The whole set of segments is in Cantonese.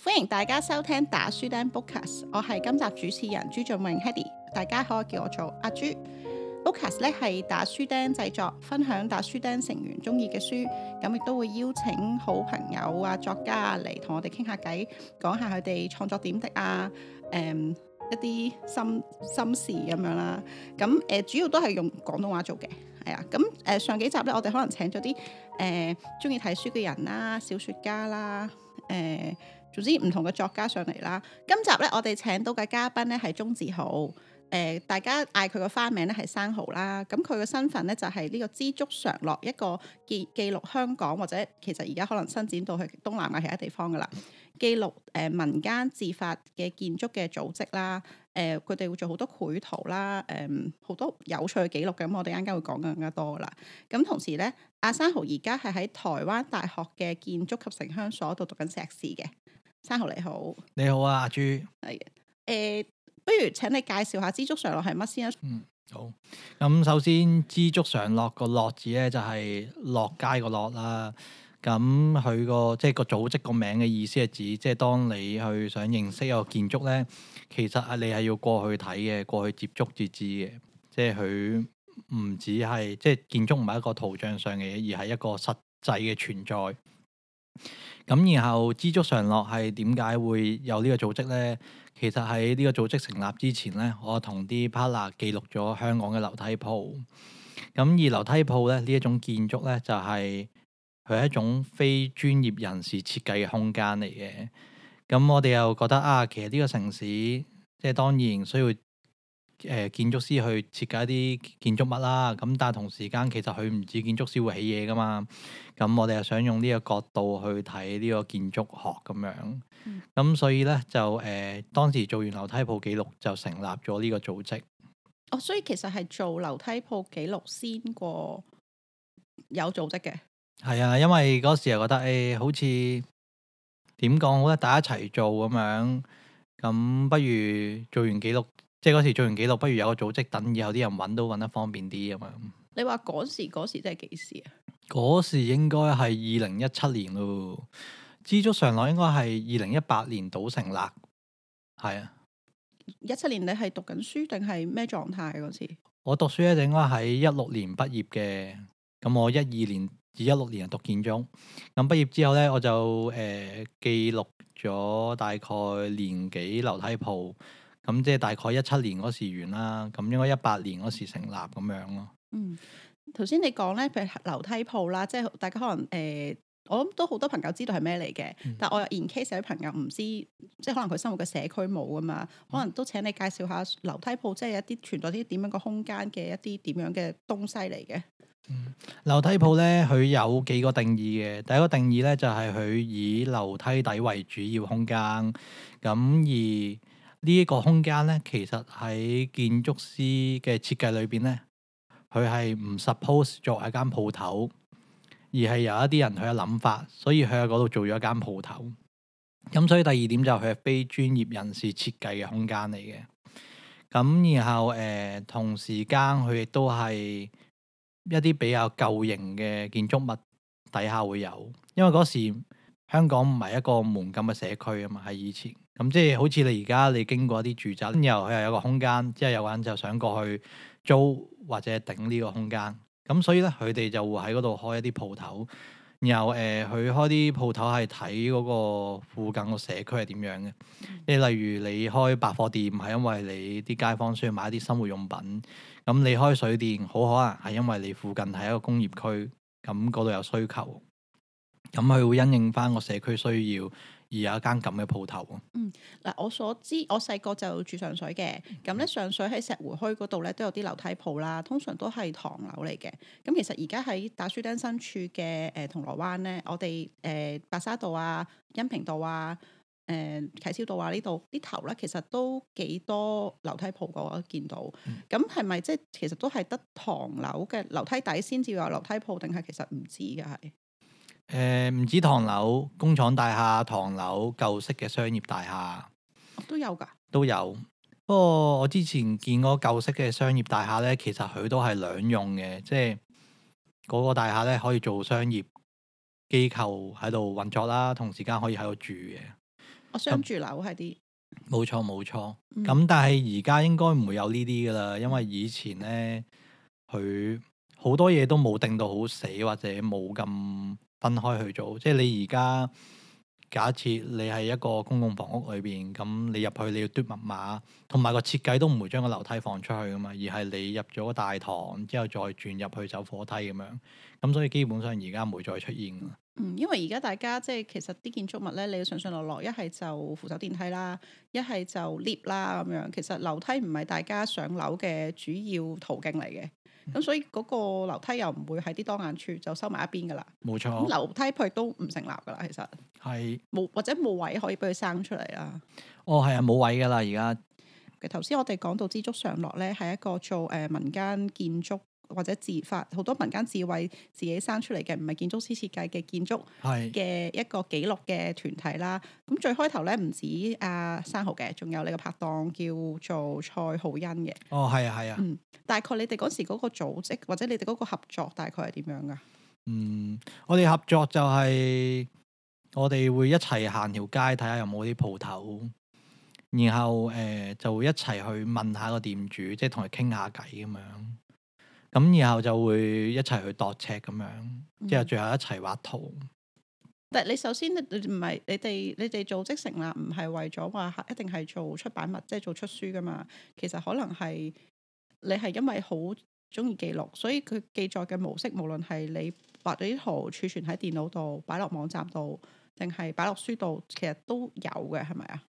歡迎大家收聽打書釘 Bookcast，我係今集主持人朱雋穎 Hedy，大家可以叫我做阿朱。Bookcast 咧係打書釘製作，分享打書釘成員中意嘅書，咁亦都會邀請好朋友啊、作家啊嚟同我哋傾下偈，講下佢哋創作點滴啊，誒、嗯、一啲心心事咁樣啦、啊。咁誒、呃，主要都係用廣東話做嘅，係啊。咁誒、呃，上幾集咧，我哋可能請咗啲誒中意睇書嘅人啦、小說家啦，誒、呃。總之唔同嘅作家上嚟啦，今集咧我哋請到嘅嘉賓咧係鍾智豪，誒、呃、大家嗌佢個花名咧係生豪啦。咁佢嘅身份咧就係、是、呢個知築常落一個記記錄香港或者其實而家可能伸展到去東南亞其他地方噶啦，記錄誒、呃、民間自發嘅建築嘅組織啦，誒佢哋會做好多繪圖啦，誒、呃、好多有趣嘅記錄咁、嗯，我哋啱啱會講更加多啦。咁、嗯、同時咧，阿、啊、生豪而家係喺台灣大學嘅建築及城鄉所度讀緊碩士嘅。生豪，你好，你好啊，阿朱係誒，不如請你介紹下知築常落係乜先啊？嗯，好。咁首先，知築常落個落字咧，就係落街個落啦。咁佢個即係個組織個名嘅意思係指，即係當你去想認識一個建築咧，其實啊，你係要過去睇嘅，過去接觸至知嘅。即係佢唔止係即係建築唔係一個圖像上嘅嘢，而係一個實際嘅存在。咁然後知築常落係點解會有呢個組織咧？其實喺呢個組織成立之前咧，我同啲 partner 記錄咗香港嘅樓梯舖。咁而樓梯舖咧呢一種建築咧，就係佢係一種非專業人士設計嘅空間嚟嘅。咁、嗯、我哋又覺得啊，其實呢個城市即係當然需要，誒、呃、建築師去設計一啲建築物啦，咁但係同時間其實佢唔止建築師會起嘢噶嘛，咁我哋又想用呢個角度去睇呢個建築學咁樣，咁、嗯嗯、所以咧就誒、呃、當時做完樓梯舖記錄就成立咗呢個組織。哦，所以其實係做樓梯舖記錄先過有組織嘅。係啊，因為嗰時又覺得誒、哎，好似點講好咧？大家一齊做咁樣，咁不如做完記錄。即嗰時做完記錄，不如有個組織等以後啲人揾都揾得方便啲咁樣。你話嗰時嗰時即係幾時，時啊？嗰時應該係二零一七年咯，知築常落應該係二零一八年度成立。係啊，一七年你係讀緊書定係咩狀態嗰時？我讀書咧，就應該喺一六年畢業嘅。咁我一二年至一六年讀建築。咁畢業之後咧，我就誒、呃、記錄咗大概年幾樓梯鋪咁即係大概一七年嗰時完啦，咁應該一八年嗰時成立咁樣咯。嗯，頭先你講咧，譬如樓梯鋪啦，即係大家可能誒、呃，我諗都好多朋友知道係咩嚟嘅。嗯、但我 in case 啲朋友唔知，即係可能佢生活嘅社區冇㗎嘛，嗯、可能都請你介紹下樓梯鋪，即係一啲存在啲點樣個空間嘅一啲點樣嘅東西嚟嘅。嗯，樓梯鋪咧，佢有幾個定義嘅。第一個定義咧就係、是、佢以樓梯底為主要空間，咁而。呢一個空間咧，其實喺建築師嘅設計裏邊咧，佢係唔 suppose 作為一間鋪頭，而係有一啲人佢嘅諗法，所以佢喺嗰度做咗一間鋪頭。咁所以第二點就係佢係非專業人士設計嘅空間嚟嘅。咁然後誒、呃，同時間佢亦都係一啲比較舊型嘅建築物底下會有，因為嗰時香港唔係一個門禁嘅社區啊嘛，係以前。咁即係好似你而家你經過一啲住宅，然後佢又有個空間，即係有個人就想過去租或者頂呢個空間。咁所以咧，佢哋就會喺嗰度開一啲鋪頭。然後誒，佢、呃、開啲鋪頭係睇嗰個附近個社區係點樣嘅。即係例如你開百貨店，係因為你啲街坊需要買一啲生活用品。咁你開水電，好可能係因為你附近係一個工業區，咁嗰度有需求。咁佢會因應翻個社區需要。而有一間咁嘅鋪頭嗯，嗱，我所知，我細個就住上水嘅，咁咧上水喺石湖墟嗰度咧都有啲樓梯鋪啦，通常都係唐樓嚟嘅。咁其實而家喺打書釘新處嘅誒銅鑼灣咧，我哋誒、呃、白沙道啊、恩平道啊、誒啟超道啊呢度啲頭咧，其實都幾多樓梯鋪，我見到。咁係咪即係其實都係得唐樓嘅樓梯底先至有樓梯鋪，定係其實唔止嘅係？誒，唔、呃、止唐樓、工廠大廈、唐樓舊式嘅商業大廈、哦、都有噶，都有。不過我之前見過舊式嘅商業大廈咧，其實佢都係兩用嘅，即係嗰個大廈咧，可以做商業機構喺度運作啦，同時間可以喺度住嘅。我想、哦、住樓係啲冇錯冇錯，咁、嗯、但係而家應該唔會有呢啲噶啦，因為以前咧佢好多嘢都冇定到好死，或者冇咁。分開去做，即係你而家假設你係一個公共房屋裏邊，咁你入去你要嘟密碼，同埋個設計都唔會將個樓梯放出去噶嘛，而係你入咗大堂之後再轉入去走火梯咁樣，咁所以基本上而家唔會再出現啦。嗯，因為而家大家即係其實啲建築物咧，你要上上落落，一係就扶手電梯啦，一係就 lift 啦咁樣，其實樓梯唔係大家上樓嘅主要途徑嚟嘅。咁所以嗰個樓梯又唔會喺啲當眼處，就收埋一邊噶啦，冇錯。咁樓梯佢都唔成立噶啦，其實係冇是或者冇位可以俾佢生出嚟啦。哦，係啊，冇位噶啦而家。頭先我哋講到知築常落咧，係一個做誒、呃、民間建築，或者自發好多民間智慧自己生出嚟嘅，唔係建築師設計嘅建築嘅一個紀錄嘅團體啦。咁最開頭咧唔止阿生豪嘅，仲有你個拍檔叫做蔡浩恩嘅。哦，係啊，係啊。嗯，大概你哋嗰時嗰個組織或者你哋嗰個合作大概係點樣噶？嗯，我哋合作就係我哋會一齊行條街睇下有冇啲鋪頭，然後誒就會一齊去問下個店主，即係同佢傾下偈咁樣。咁然後就會一齊去度尺咁樣，之後最後一齊畫圖。嗯、但你首先你唔係你哋你哋組織成立唔係為咗話一定係做出版物，即係做出書噶嘛？其實可能係你係因為好中意記錄，所以佢記載嘅模式，無論係你畫咗啲圖儲存喺電腦度，擺落網站度，定係擺落書度，其實都有嘅，係咪啊？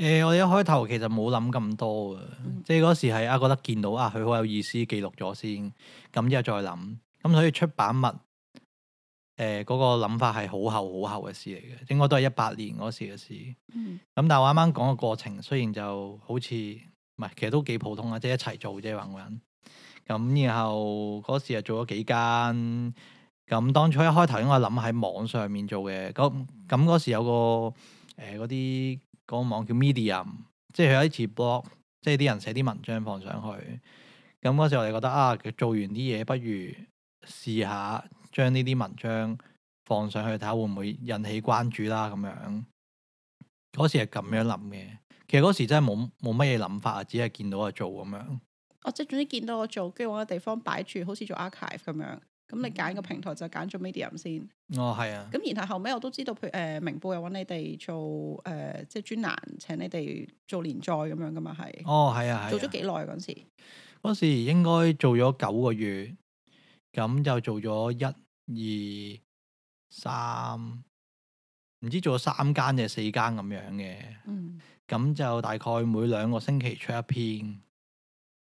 誒、呃，我哋一開頭其實冇諗咁多嘅，嗯、即係嗰時係啊覺得見到啊佢好有意思，記錄咗先，咁之後再諗，咁、嗯、所以出版物誒嗰、呃嗰個諗法係好後好後嘅事嚟嘅，應該都係一八年嗰時嘅事。咁、嗯嗯、但係我啱啱講嘅過程，雖然就好似唔係，其實都幾普通嘅，即係一齊做啫嘛個人。咁、嗯、然後嗰時係做咗幾間，咁、嗯嗯、當初一開頭應該諗喺網上面做嘅，咁咁嗰時有個誒嗰啲。呃個網叫 Medium，即係佢有啲 blog，即係啲人寫啲文章放上去。咁嗰時我哋覺得啊，佢做完啲嘢，不如試下將呢啲文章放上去睇下會唔會引起關注啦咁樣。嗰時係咁樣諗嘅，其實嗰時真係冇冇乜嘢諗法啊，只係見到就做咁樣。哦，即係總之見到我做，跟住揾個地方擺住，好似做 archive 咁樣。咁、嗯、你揀個平台就揀做 Medium 先。哦，係啊。咁然後後尾我都知道，佢、呃、誒明報又揾你哋做誒、呃、即係專欄，請你哋做連載咁樣㗎嘛，係。哦，係啊，係、啊。做咗幾耐嗰時？嗰時應該做咗九個月，咁就做咗一、二、三，唔知做咗三間定係四間咁樣嘅。嗯。咁就大概每兩個星期出一篇，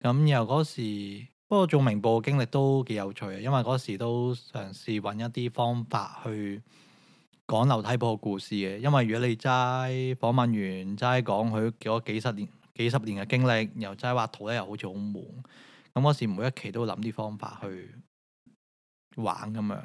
咁又嗰時。嗰個做明報嘅經歷都幾有趣啊，因為嗰時都嘗試揾一啲方法去講樓梯舖嘅故事嘅，因為如果你齋訪問完齋講佢嗰幾十年幾十年嘅經歷，又齋畫圖咧又好似好悶。咁嗰時每一期都諗啲方法去玩咁樣。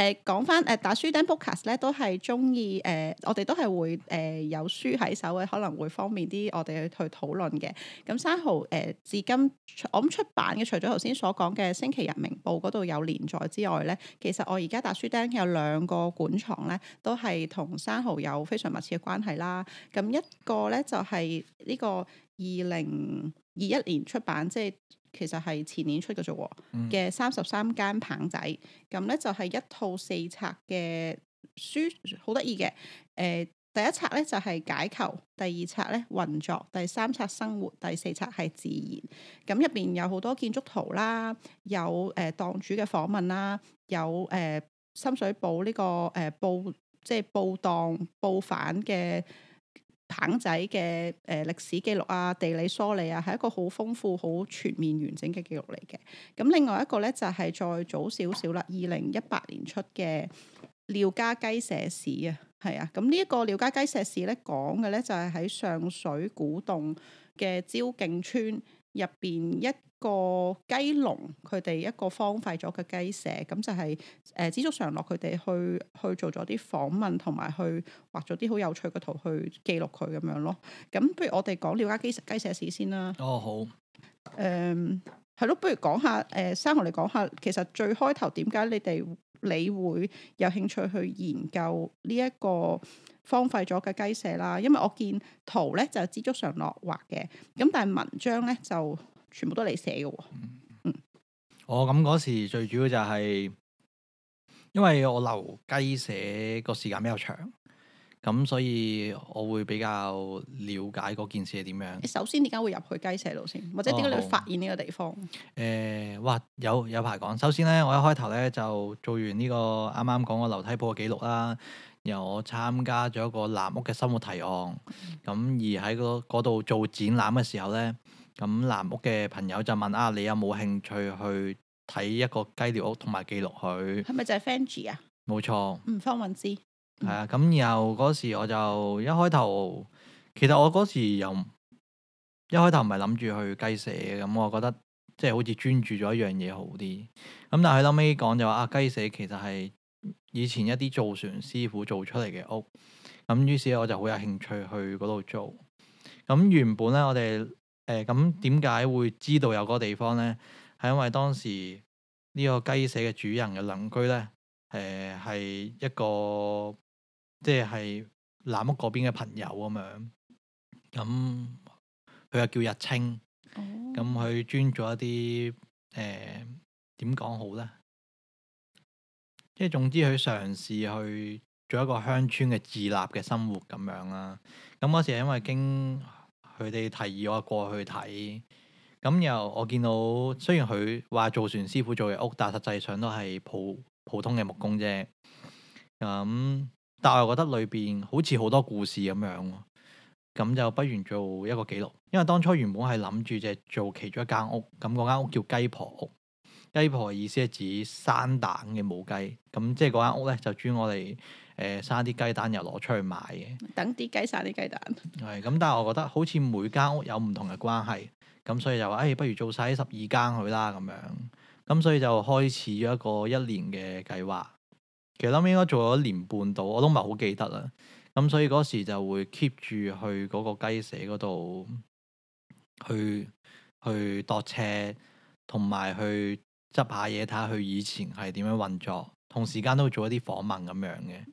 誒講返誒打書釘 Bookcast 咧，都係中意誒，我哋都係會誒、呃、有書喺手嘅，可能會方便啲、嗯呃，我哋去討論嘅。咁生豪誒至今我諗出版嘅，除咗頭先所講嘅《星期日明報》嗰度有連載之外咧，其實我而家打書釘有兩個館藏咧，都係同生豪有非常密切嘅關係啦。咁、嗯、一個咧就係、是、呢個二零二一年出版，即係。其實係前年出嘅啫喎，嘅三十三間棚仔，咁呢就係一套四冊嘅書，好得意嘅。誒、呃、第一冊呢就係、是、解構，第二冊呢運作，第三冊生活，第四冊係自然。咁入邊有好多建築圖啦，有誒檔、呃、主嘅訪問啦，有誒、呃、深水埗呢、這個誒、呃、布，即係布檔布販嘅。棚仔嘅誒、呃、歷史記錄啊、地理梳理啊，係一個好豐富、好全面、完整嘅記錄嚟嘅。咁另外一個呢，就係、是、再早少少啦，二零一八年出嘅《廖家雞舍史》啊，係啊。咁呢一個《廖家雞舍史呢》呢講嘅呢，就係、是、喺上水古洞嘅蕉徑村入邊一個雞籠，佢哋一個荒廢咗嘅雞舍，咁就係誒知築常落佢哋去去做咗啲訪問，同埋去畫咗啲好有趣嘅圖去記錄佢咁樣咯。咁不如我哋講了解雞食雞舍史先啦。哦好，誒係咯，不如講下誒，生豪你講下，其實最開頭點解你哋你會有興趣去研究呢一個荒廢咗嘅雞舍啦？因為我見圖咧就係知築常落畫嘅，咁但係文章咧就。全部都係你寫嘅，嗯，我咁嗰時最主要就係，因為我留雞舍個時間比較長，咁所以我會比較了解嗰件事係點樣。你首先，點解會入去雞舍度先，或者點解你會發現呢個地方？誒、哦呃，哇，有有排講。首先咧，我一開頭咧就做完呢個啱啱講個樓梯舖嘅記錄啦，然後我參加咗個藍屋嘅生活提案，咁、嗯、而喺嗰度做展覽嘅時候咧。咁藍屋嘅朋友就問啊，你有冇興趣去睇一個雞寮屋，同埋記錄佢係咪就係 Fangji 啊？冇錯，嗯，方韻芝。嗯」係啊。咁然後嗰時我就一開頭，其實我嗰時又一開頭唔係諗住去雞舍嘅。咁、嗯、我覺得即係、就是、好似專注咗一樣嘢好啲。咁、嗯、但係佢後屘講就話啊，雞舍其實係以前一啲造船師傅做出嚟嘅屋。咁、嗯、於是我就好有興趣去嗰度做。咁、嗯、原本咧我哋。誒，咁點解會知道有嗰個地方咧？係因為當時呢個雞舍嘅主人嘅鄰居咧，誒、欸、係一個即係南屋嗰邊嘅朋友咁樣。咁佢又叫日清，咁佢專做一啲誒，點、欸、講好咧？即係總之，佢嘗試去做一個鄉村嘅自立嘅生活咁樣啦。咁嗰時係因為經。佢哋提議我過去睇，咁又我見到雖然佢話造船師傅做嘅屋，但實際上都係普普通嘅木工啫。咁、嗯、但係我又覺得裏邊好似好多故事咁樣，咁就不如做一個記錄。因為當初原本係諗住淨係做其中一間屋，咁嗰間屋叫雞婆屋。雞婆意思係指生蛋嘅母雞，咁即係嗰間屋咧就專我哋。誒生啲雞蛋又攞出去賣嘅，等啲雞生啲雞蛋。係咁，但係我覺得好似每間屋有唔同嘅關係，咁所以就話誒、哎，不如做晒十二間佢啦咁樣。咁所以就開始咗一個一年嘅計劃。其實諗應該做咗一年半到，我都唔係好記得啦。咁所以嗰時就會 keep 住去嗰個雞舍嗰度，去去度尺，同埋去執下嘢，睇下佢以前係點樣運作，同時間都會做一啲訪問咁樣嘅。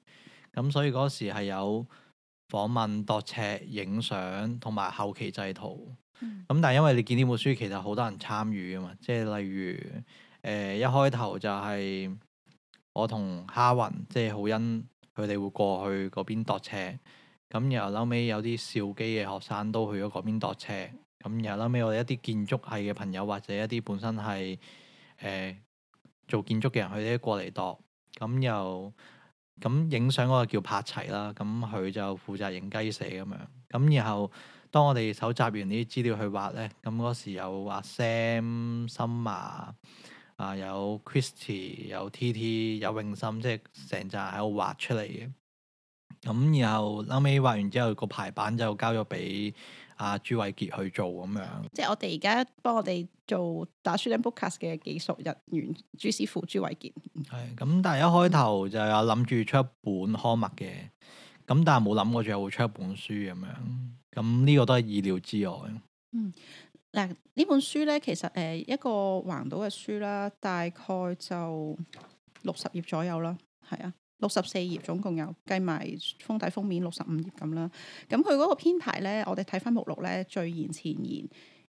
咁所以嗰時係有訪問、度尺、影相同埋後期製圖。咁、嗯、但係因為你見呢本書，其實好多人參與啊嘛。即係例如，誒、呃、一開頭就係我同哈雲，即、就、係、是、好欣，佢哋會過去嗰邊度尺。咁又後尾，有啲少基嘅學生都去咗嗰邊度尺。咁又後尾，我哋一啲建築系嘅朋友，或者一啲本身係誒、呃、做建築嘅人，佢哋都過嚟度。咁又。咁影相嗰個叫柏齊啦，咁佢就負責影雞舍咁樣。咁然後當我哋蒐集完呢啲資料去畫咧，咁嗰時有畫 Sam、心麻啊，有 Christy、有 TT、有泳心，即係成扎人喺度畫出嚟嘅。咁然後後尾畫完之後，個排版就交咗俾。阿、啊、朱偉傑去做咁樣，即係我哋而家幫我哋做打書釘 Bookcast 嘅技術人員朱師傅朱偉傑。係咁，但係一開頭就有諗住出一本刊物嘅，咁但係冇諗過最後會出一本書咁樣，咁、這、呢個都係意料之外。嗯，嗱呢本書咧，其實誒、呃、一個橫到嘅書啦，大概就六十頁左右啦，係啊。六十四頁總共有計埋封底封面六十五頁咁啦，咁佢嗰個編排咧，我哋睇翻目錄咧，序言前言，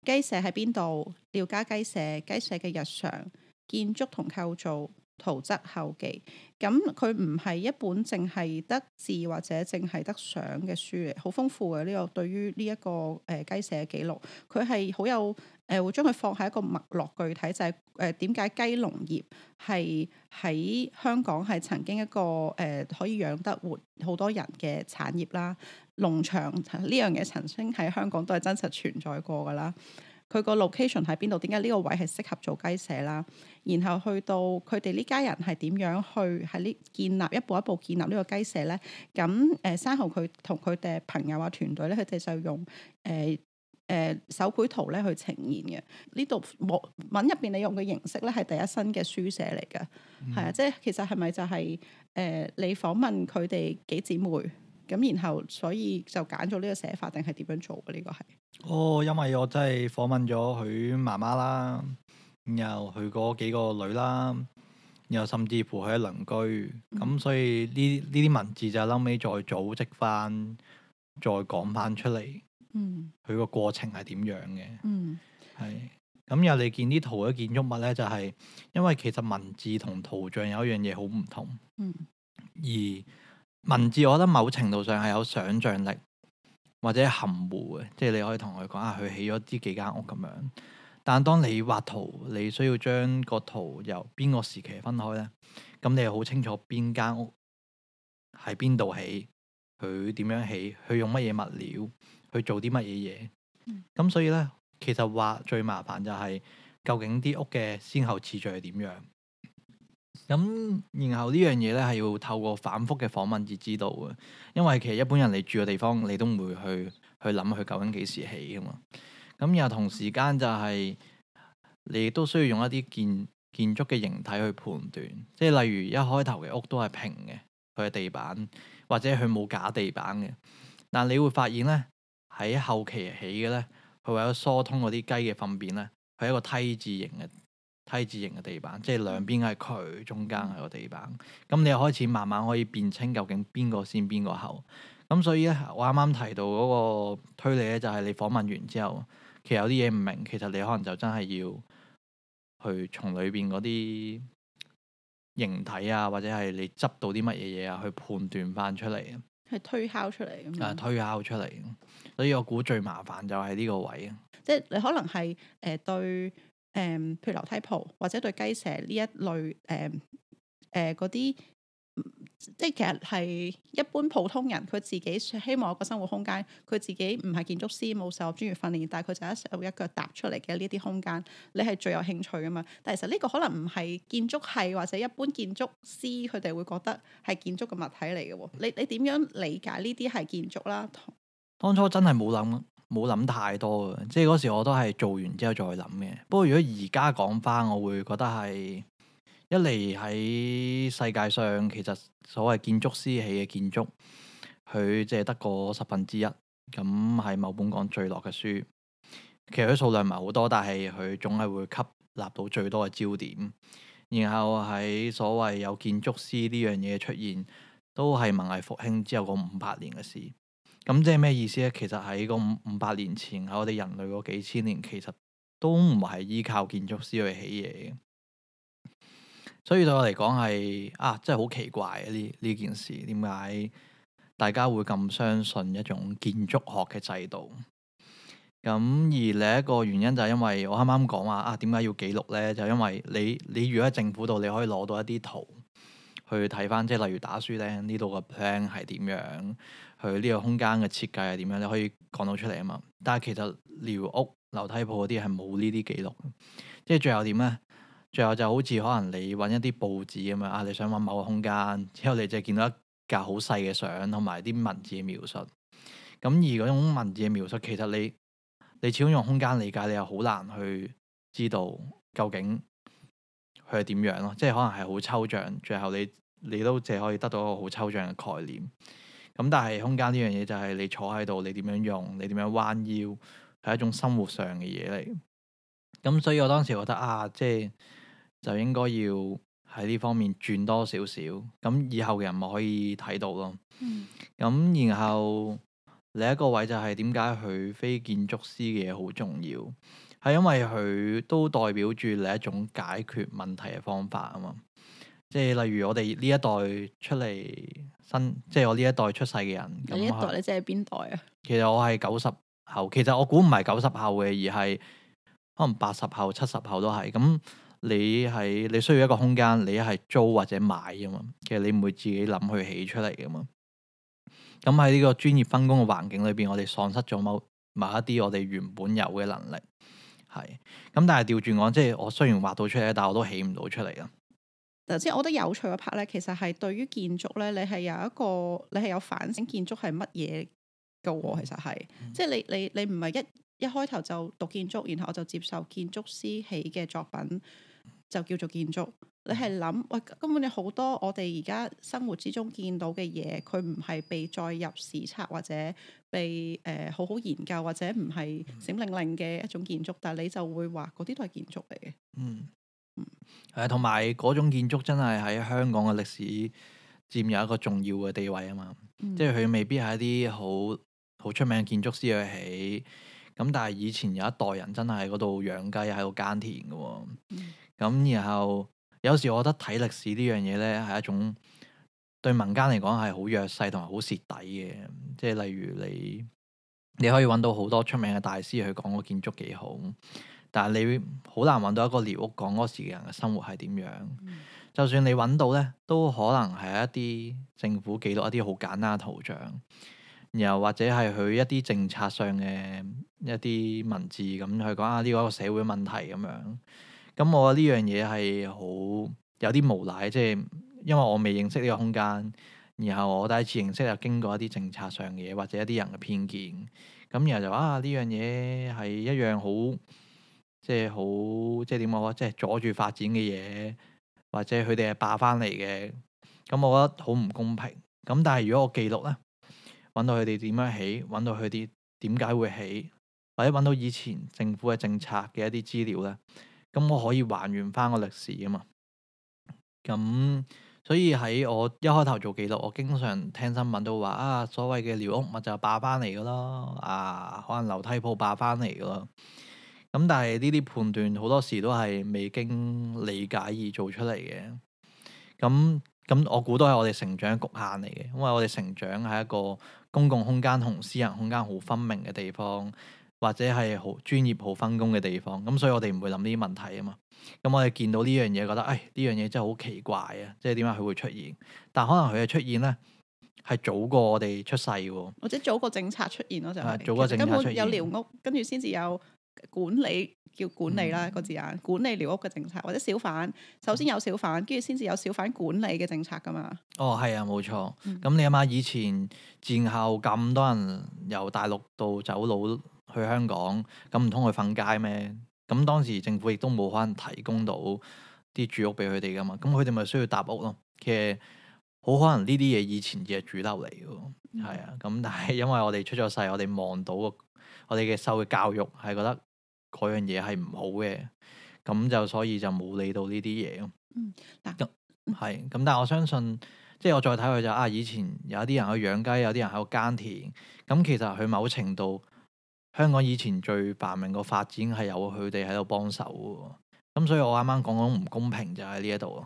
雞舍喺邊度？廖家雞舍，雞舍嘅日常、建築同構造。《圖則後記》咁，佢唔係一本淨係得字或者淨係得相嘅書嚟。好豐富嘅呢、這個對於呢、這個呃呃、一個誒雞舍嘅記錄，佢係好有誒會將佢放喺一個脈絡，具體就係誒點解雞農業係喺香港係曾經一個誒、呃、可以養得活好多人嘅產業啦，農場呢、啊、樣嘢曾經喺香港都係真實存在過噶啦。佢個 location 喺邊度？點解呢個位係適合做雞舍啦？然後去到佢哋呢家人係點樣去喺呢建立一步一步建立呢個雞舍咧？咁誒、呃，生豪佢同佢哋朋友啊團隊咧，佢哋就用誒誒、呃呃、手繪圖咧去呈現嘅。呢度文入邊你用嘅形式咧係第一身嘅書寫嚟嘅，係、嗯、啊，即係其實係咪就係、是、誒、呃、你訪問佢哋幾姊妹？咁然後，所以就揀咗呢個寫法，定係點樣做嘅？呢個係哦，因為我真係訪問咗佢媽媽啦，然後佢嗰幾個女啦，然後甚至乎佢啲鄰居，咁、嗯、所以呢呢啲文字就後尾再組織翻，再講翻出嚟。嗯，佢個過程係點樣嘅？嗯，係。咁又你見啲圖嘅建築物咧，就係、是、因為其實文字同圖像有一樣嘢好唔同。嗯，而。文字我覺得某程度上係有想像力或者含糊嘅，即係你可以同佢講啊，佢起咗呢幾間屋咁樣。但係當你畫圖，你需要將個圖由邊個時期分開呢？咁你又好清楚邊間屋喺邊度起，佢點樣起，佢用乜嘢物料去做啲乜嘢嘢。咁、嗯、所以呢，其實畫最麻煩就係、是、究竟啲屋嘅先後次序係點樣？咁，然後呢樣嘢咧，係要透過反覆嘅訪問至知道嘅，因為其實一般人你住嘅地方，你都唔會去去諗佢究竟幾時起噶嘛。咁然後同時間就係、是、你亦都需要用一啲建建築嘅形體去判斷，即係例如一開頭嘅屋都係平嘅，佢嘅地板或者佢冇假地板嘅。但你會發現咧，喺後期起嘅咧，佢為咗疏通嗰啲雞嘅糞便咧，佢係一個梯字形嘅。梯字形嘅地板，即係兩邊係佢，中間係個地板。咁你又開始慢慢可以辨清究竟邊個先邊個後。咁所以咧，我啱啱提到嗰個推理咧，就係、是、你訪問完之後，其實有啲嘢唔明，其實你可能就真係要去從裏邊嗰啲形體啊，或者係你執到啲乜嘢嘢啊，去判斷翻出嚟。係推敲出嚟咁啊！推敲出嚟，所以我估最麻煩就係呢個位啊。即係你可能係誒、呃、對。誒、嗯，譬如樓梯鋪或者對雞舍呢一類，誒誒嗰啲，即係其實係一般普通人佢自己希望有個生活空間，佢自己唔係建築師，冇受專業訓練，但係佢就一一手一腳搭出嚟嘅，呢啲空間，你係最有興趣噶嘛。但係其實呢個可能唔係建築系或者一般建築師佢哋會覺得係建築嘅物體嚟嘅，你你點樣理解呢啲係建築啦？當初真係冇諗。冇諗太多嘅，即係嗰時我都係做完之後再諗嘅。不過如果而家講返，我會覺得係一嚟喺世界上其實所謂建築師起嘅建築，佢淨係得嗰十分之一咁，係某本講最落嘅書。其實佢數量唔係好多，但係佢總係會吸納到最多嘅焦點。然後喺所謂有建築師呢樣嘢出現，都係文藝復興之後嗰五百年嘅事。咁即係咩意思咧？其實喺個五五百年前，喺我哋人類嗰幾千年，其實都唔係依靠建築師去起嘢嘅。所以對我嚟講係啊，真係好奇怪呢、啊、呢件事點解大家會咁相信一種建築學嘅制度？咁、嗯、而另一個原因就係因為我啱啱講話啊，點解要記錄咧？就係、因為你你如果喺政府度，你可以攞到一啲圖去睇翻，即係例如打書訂呢度個 plan 係點樣。佢呢個空間嘅設計係點樣，你可以講到出嚟啊嘛！但係其實寮屋、樓梯舖嗰啲係冇呢啲記錄，即係最後點咧？最後就好似可能你揾一啲報紙咁樣啊，你想揾某個空間，之後你就見到一格好細嘅相同埋啲文字嘅描述。咁而嗰種文字嘅描述，其實你你始終用空間理解，你又好難去知道究竟佢係點樣咯。即係可能係好抽象，最後你你都淨係可以得到一個好抽象嘅概念。咁但係空間呢樣嘢就係你坐喺度，你點樣用，你點樣彎腰，係一種生活上嘅嘢嚟。咁所以我當時覺得啊，即係就應該要喺呢方面轉多少少。咁以後嘅人咪可以睇到咯。咁、嗯嗯、然後另一個位就係點解佢非建築師嘅嘢好重要？係因為佢都代表住另一種解決問題嘅方法啊嘛。即係例如我哋呢一代出嚟。新即係我呢一代出世嘅人，咁呢一代你即係邊代啊？其實我係九十後，其實我估唔係九十後嘅，而係可能八十後、七十後都係咁。你喺你需要一個空間，你係租或者買啊嘛。其實你唔會自己諗去起出嚟噶嘛。咁喺呢個專業分工嘅環境裏邊，我哋喪失咗某某一啲我哋原本有嘅能力係。咁但係調轉講，即係我雖然畫到出嚟，但我都起唔到出嚟啊。嗱，即我覺得有趣嘅拍 a 咧，其實係對於建築咧，你係有一個，你係有反省建築係乜嘢嘅。我其實係，嗯、即係你你你唔係一一開頭就讀建築，然後我就接受建築師起嘅作品就叫做建築。你係諗，喂、呃，根本你好多我哋而家生活之中見到嘅嘢，佢唔係被再入史冊或者被誒、呃、好好研究或者唔係醒靈靈嘅一種建築，嗯、但係你就會話嗰啲都係建築嚟嘅。嗯。誒，同埋嗰種建築真係喺香港嘅歷史佔有一個重要嘅地位啊嘛，嗯、即係佢未必係一啲好好出名嘅建築師去起，咁但係以前有一代人真係喺嗰度養雞，喺度耕田噶、哦，咁、嗯、然後有時我覺得睇歷史呢樣嘢呢，係一種對民間嚟講係好弱勢同埋好蝕底嘅，即係例如你你可以揾到好多出名嘅大師去講個建築幾好。但係你好難揾到一個寮屋講嗰時嘅人嘅生活係點樣。嗯、就算你揾到呢，都可能係一啲政府記錄，一啲好簡單圖像，然後或者係佢一啲政策上嘅一啲文字咁、嗯、去講下呢個社會問題咁樣咁、嗯，我覺得呢樣嘢係好有啲無奈，即係因為我未認識呢個空間，然後我第一次認識又經過一啲政策上嘅嘢或者一啲人嘅偏見，咁、嗯、然後就話啊呢樣嘢係一樣好。即係好，即係點講咧？即係阻住發展嘅嘢，或者佢哋係霸翻嚟嘅。咁我覺得好唔公平。咁但係如果我記錄咧，揾到佢哋點樣起，揾到佢哋點解會起，或者揾到以前政府嘅政策嘅一啲資料咧，咁我可以還原翻個歷史吖嘛。咁所以喺我一開頭做記錄，我經常聽新聞都話啊，所謂嘅寮屋咪就係霸翻嚟嘅咯，啊，可能樓梯舖霸翻嚟嘅咯。咁但係呢啲判斷好多時都係未經理解而做出嚟嘅。咁、嗯、咁、嗯，我估都係我哋成長嘅局限嚟嘅，因為我哋成長喺一個公共空間同私人空間好分明嘅地方，或者係好專業好分工嘅地方。咁、嗯、所以我哋唔會諗呢啲問題啊嘛。咁、嗯、我哋見到呢樣嘢，覺得唉，呢樣嘢真係好奇怪啊！即係點解佢會出現？但可能佢嘅出現呢，係早過我哋出世，或者早個政策出現咯，就是，就係、嗯、早個政策出現有寮屋，跟住先至有。管理叫管理啦個字眼，嗯、管理寮屋嘅政策或者小販，首先有小販，跟住先至有小販管理嘅政策噶嘛。哦，係啊，冇錯。咁、嗯、你諗下，以前戰後咁多人由大陸到走佬去香港，咁唔通去瞓街咩？咁當時政府亦都冇可能提供到啲住屋俾佢哋噶嘛，咁佢哋咪需要搭屋咯。其實好可能呢啲嘢以前只係住得嚟嘅，係、嗯、啊。咁但係因為我哋出咗世，我哋望到我哋嘅受嘅教育係覺得。嗰樣嘢係唔好嘅，咁就所以就冇理到呢啲嘢咯。嗯，但咁，但係我相信，即係我再睇佢就啊，以前有啲人去養雞，有啲人喺度耕田，咁其實佢某程度香港以前最繁榮嘅發展係有佢哋喺度幫手嘅，咁所以我啱啱講講唔公平就喺呢一度。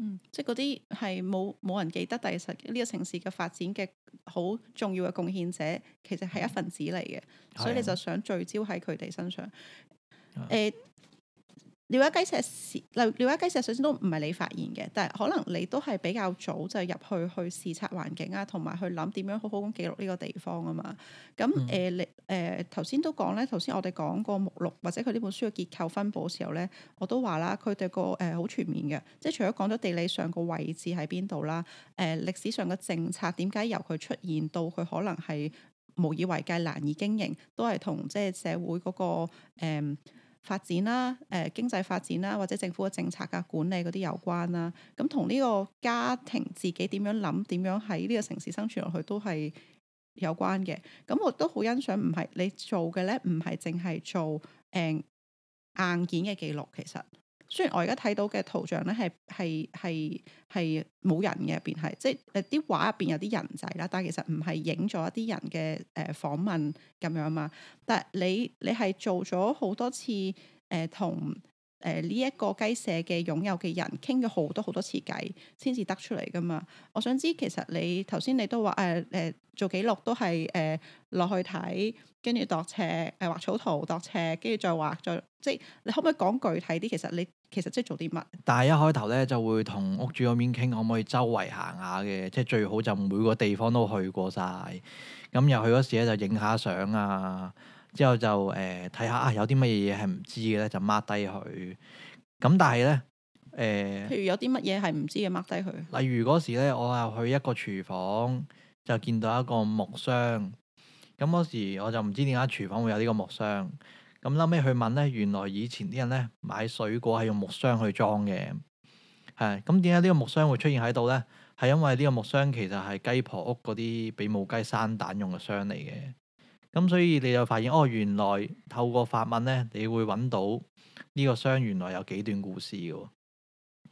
嗯、即係嗰啲係冇冇人記得，但係呢個城市嘅發展嘅好重要嘅貢獻者，其實係一份子嚟嘅，的所以你就想聚焦喺佢哋身上。誒、啊。欸瞭解家雞舍史，例如廖家雞舍史首先都唔係你發現嘅，但係可能你都係比較早就入去去視察環境啊，同埋去諗點樣好好咁記錄呢個地方啊嘛。咁誒，你誒頭先都講咧，頭先我哋講個目錄或者佢呢本書嘅結構分佈嘅時候咧，我都話啦，佢哋個誒好、呃、全面嘅，即係除咗講咗地理上個位置喺邊度啦，誒、呃、歷史上嘅政策點解由佢出現到佢可能係無以為繼、難以經營，都係同即係社會嗰、那個、呃發展啦，誒、呃、經濟發展啦，或者政府嘅政策呀管理嗰啲有關啦、啊，咁同呢個家庭自己點樣諗，點樣喺呢個城市生存落去都係有關嘅。咁、嗯、我都好欣賞，唔係你做嘅咧，唔係淨係做誒、嗯、硬件嘅記錄，其實。雖然我而家睇到嘅圖像咧，係係係係冇人嘅，入邊係，即係誒啲畫入邊有啲人仔啦，但係其實唔係影咗一啲人嘅誒、呃、訪問咁樣嘛。但係你你係做咗好多次誒同誒呢一個雞舍嘅擁有嘅人傾咗好多好多次偈，先至得出嚟㗎嘛。我想知，其實你頭先你都話誒誒做記錄都係誒落去睇，跟住度尺誒、呃、畫草圖度尺，跟住再畫再，再即係你可唔可以講具體啲？其實你。其實即係做啲乜？但係一開頭咧就會同屋主嗰邊傾，可唔可以周圍行下嘅？即係最好就每個地方都去過晒。咁、嗯、入去嗰時咧就影下相啊，之後就誒睇下啊，有啲乜嘢嘢係唔知嘅咧就 mark 低佢。咁、嗯、但係咧誒，譬、呃、如有啲乜嘢係唔知嘅 mark 低佢。例如嗰時咧，我呀去一個廚房，就見到一個木箱。咁、嗯、嗰時我就唔知點解廚房會有呢個木箱。咁後屘去問咧，原來以前啲人咧買水果係用木箱去裝嘅。係咁點解呢個木箱會出現喺度咧？係因為呢個木箱其實係雞婆屋嗰啲俾母雞生蛋用嘅箱嚟嘅。咁所以你就發現哦，原來透過發問咧，你會揾到呢個箱原來有幾段故事嘅。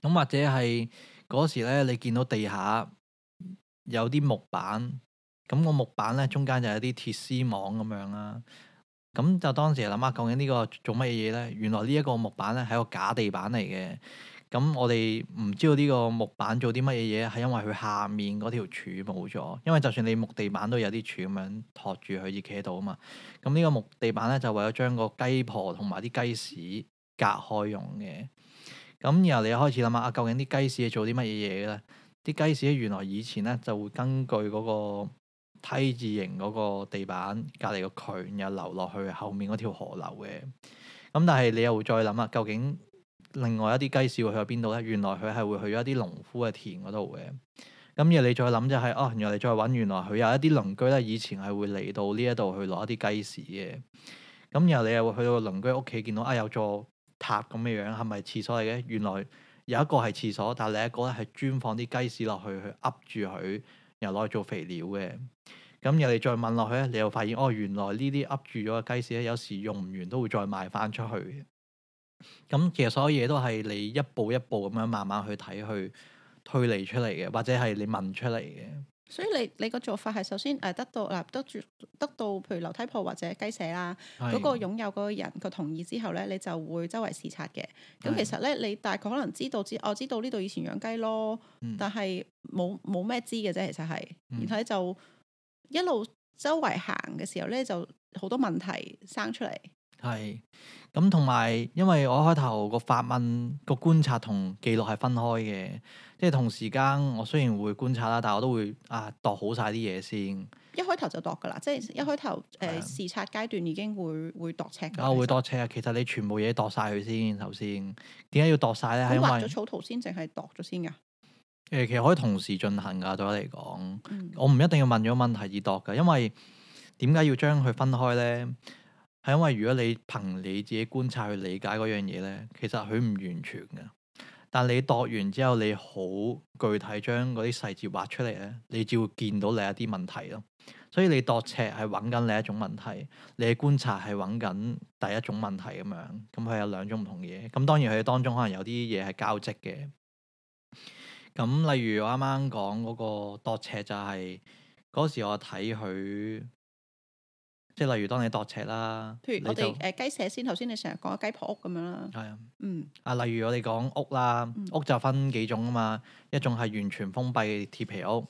咁或者係嗰時咧，你見到地下有啲木板，咁個木板咧中間就有啲鐵絲網咁樣啦。咁就當時諗下，究竟呢個做乜嘢咧？原來呢一個木板咧，係個假地板嚟嘅。咁、嗯、我哋唔知道呢個木板做啲乜嘢嘢，係因為佢下面嗰條柱冇咗。因為就算你木地板都有啲柱咁樣托住佢而企喺度啊嘛。咁、嗯、呢、呢個木地板咧，就為咗將個雞婆同埋啲雞屎隔開用嘅。咁、嗯、然後你開始諗啊，究竟啲雞屎係做啲乜嘢嘢咧？啲雞屎原來以前咧就會根據嗰、嗰個梯字形嗰個地板隔離個渠，然後流落去後面嗰條河流嘅。咁、嗯、但係你又會再諗啊，究竟另外一啲雞屎會去到邊度咧？原來佢係會去咗一啲農夫嘅田嗰度嘅。咁、嗯、然後你再諗就係、是，哦、啊，然後原來你再揾，原來佢有一啲鄰居咧，以前係會嚟到呢一度去攞一啲雞屎嘅。咁、嗯、然後你又會去到鄰居屋企，見到啊、哎、有座塔咁嘅樣，係咪廁所嚟嘅？原來有一個係廁所，但係另一個咧係專放啲雞屎落去去噏住佢，然後攞去做肥料嘅。咁又你再問落去咧，你又發現哦，原來呢啲噏住咗嘅雞屎咧，有時用唔完都會再賣翻出去嘅。咁其實所有嘢都係你一步一步咁樣慢慢去睇去推理出嚟嘅，或者係你問出嚟嘅。所以你你個做法係首先誒得到啊，得、呃、住得到，得到得到譬如樓梯鋪或者雞舍啦，嗰是個擁有嗰個人嘅同意之後咧，你就會周圍視察嘅。咁其實咧，是你大概可能知道之我知道呢度、哦、以前養雞咯，嗯、但係冇冇咩知嘅啫，其實係，然後就。一路周圍行嘅時候咧，就好多問題生出嚟。係咁，同埋因為我一開頭個發問、個觀察同記錄係分開嘅，即係同時間我雖然會觀察啦，但我都會啊度好晒啲嘢先。一開頭就度噶啦，即係一開頭誒、呃、視察階段已經會會度尺。啊，會度尺啊！其實你全部嘢度晒佢先，頭先點解要度晒咧？係畫咗草圖量量先，定係度咗先噶？誒，其實可以同時進行噶，對我嚟講，嗯、我唔一定要問咗問題而度噶，因為點解要將佢分開咧？係因為如果你憑你自己觀察去理解嗰樣嘢咧，其實佢唔完全噶。但你度完之後，你好具體將嗰啲細節畫出嚟咧，你只會見到另一啲問題咯。所以你度尺係揾緊另一種問題，你觀察係揾緊第一種問題咁樣，咁佢有兩種唔同嘢。咁當然佢當中可能有啲嘢係交織嘅。咁，例如我啱啱講嗰個度尺就係、是，嗰時我睇佢，即係例如當你度尺啦，譬如我哋誒就雞舍先。頭先你成日講雞婆屋咁樣啦，係啊，嗯啊，例如我哋講屋啦，嗯、屋就分幾種噶嘛，一種係完全封閉嘅鐵皮屋，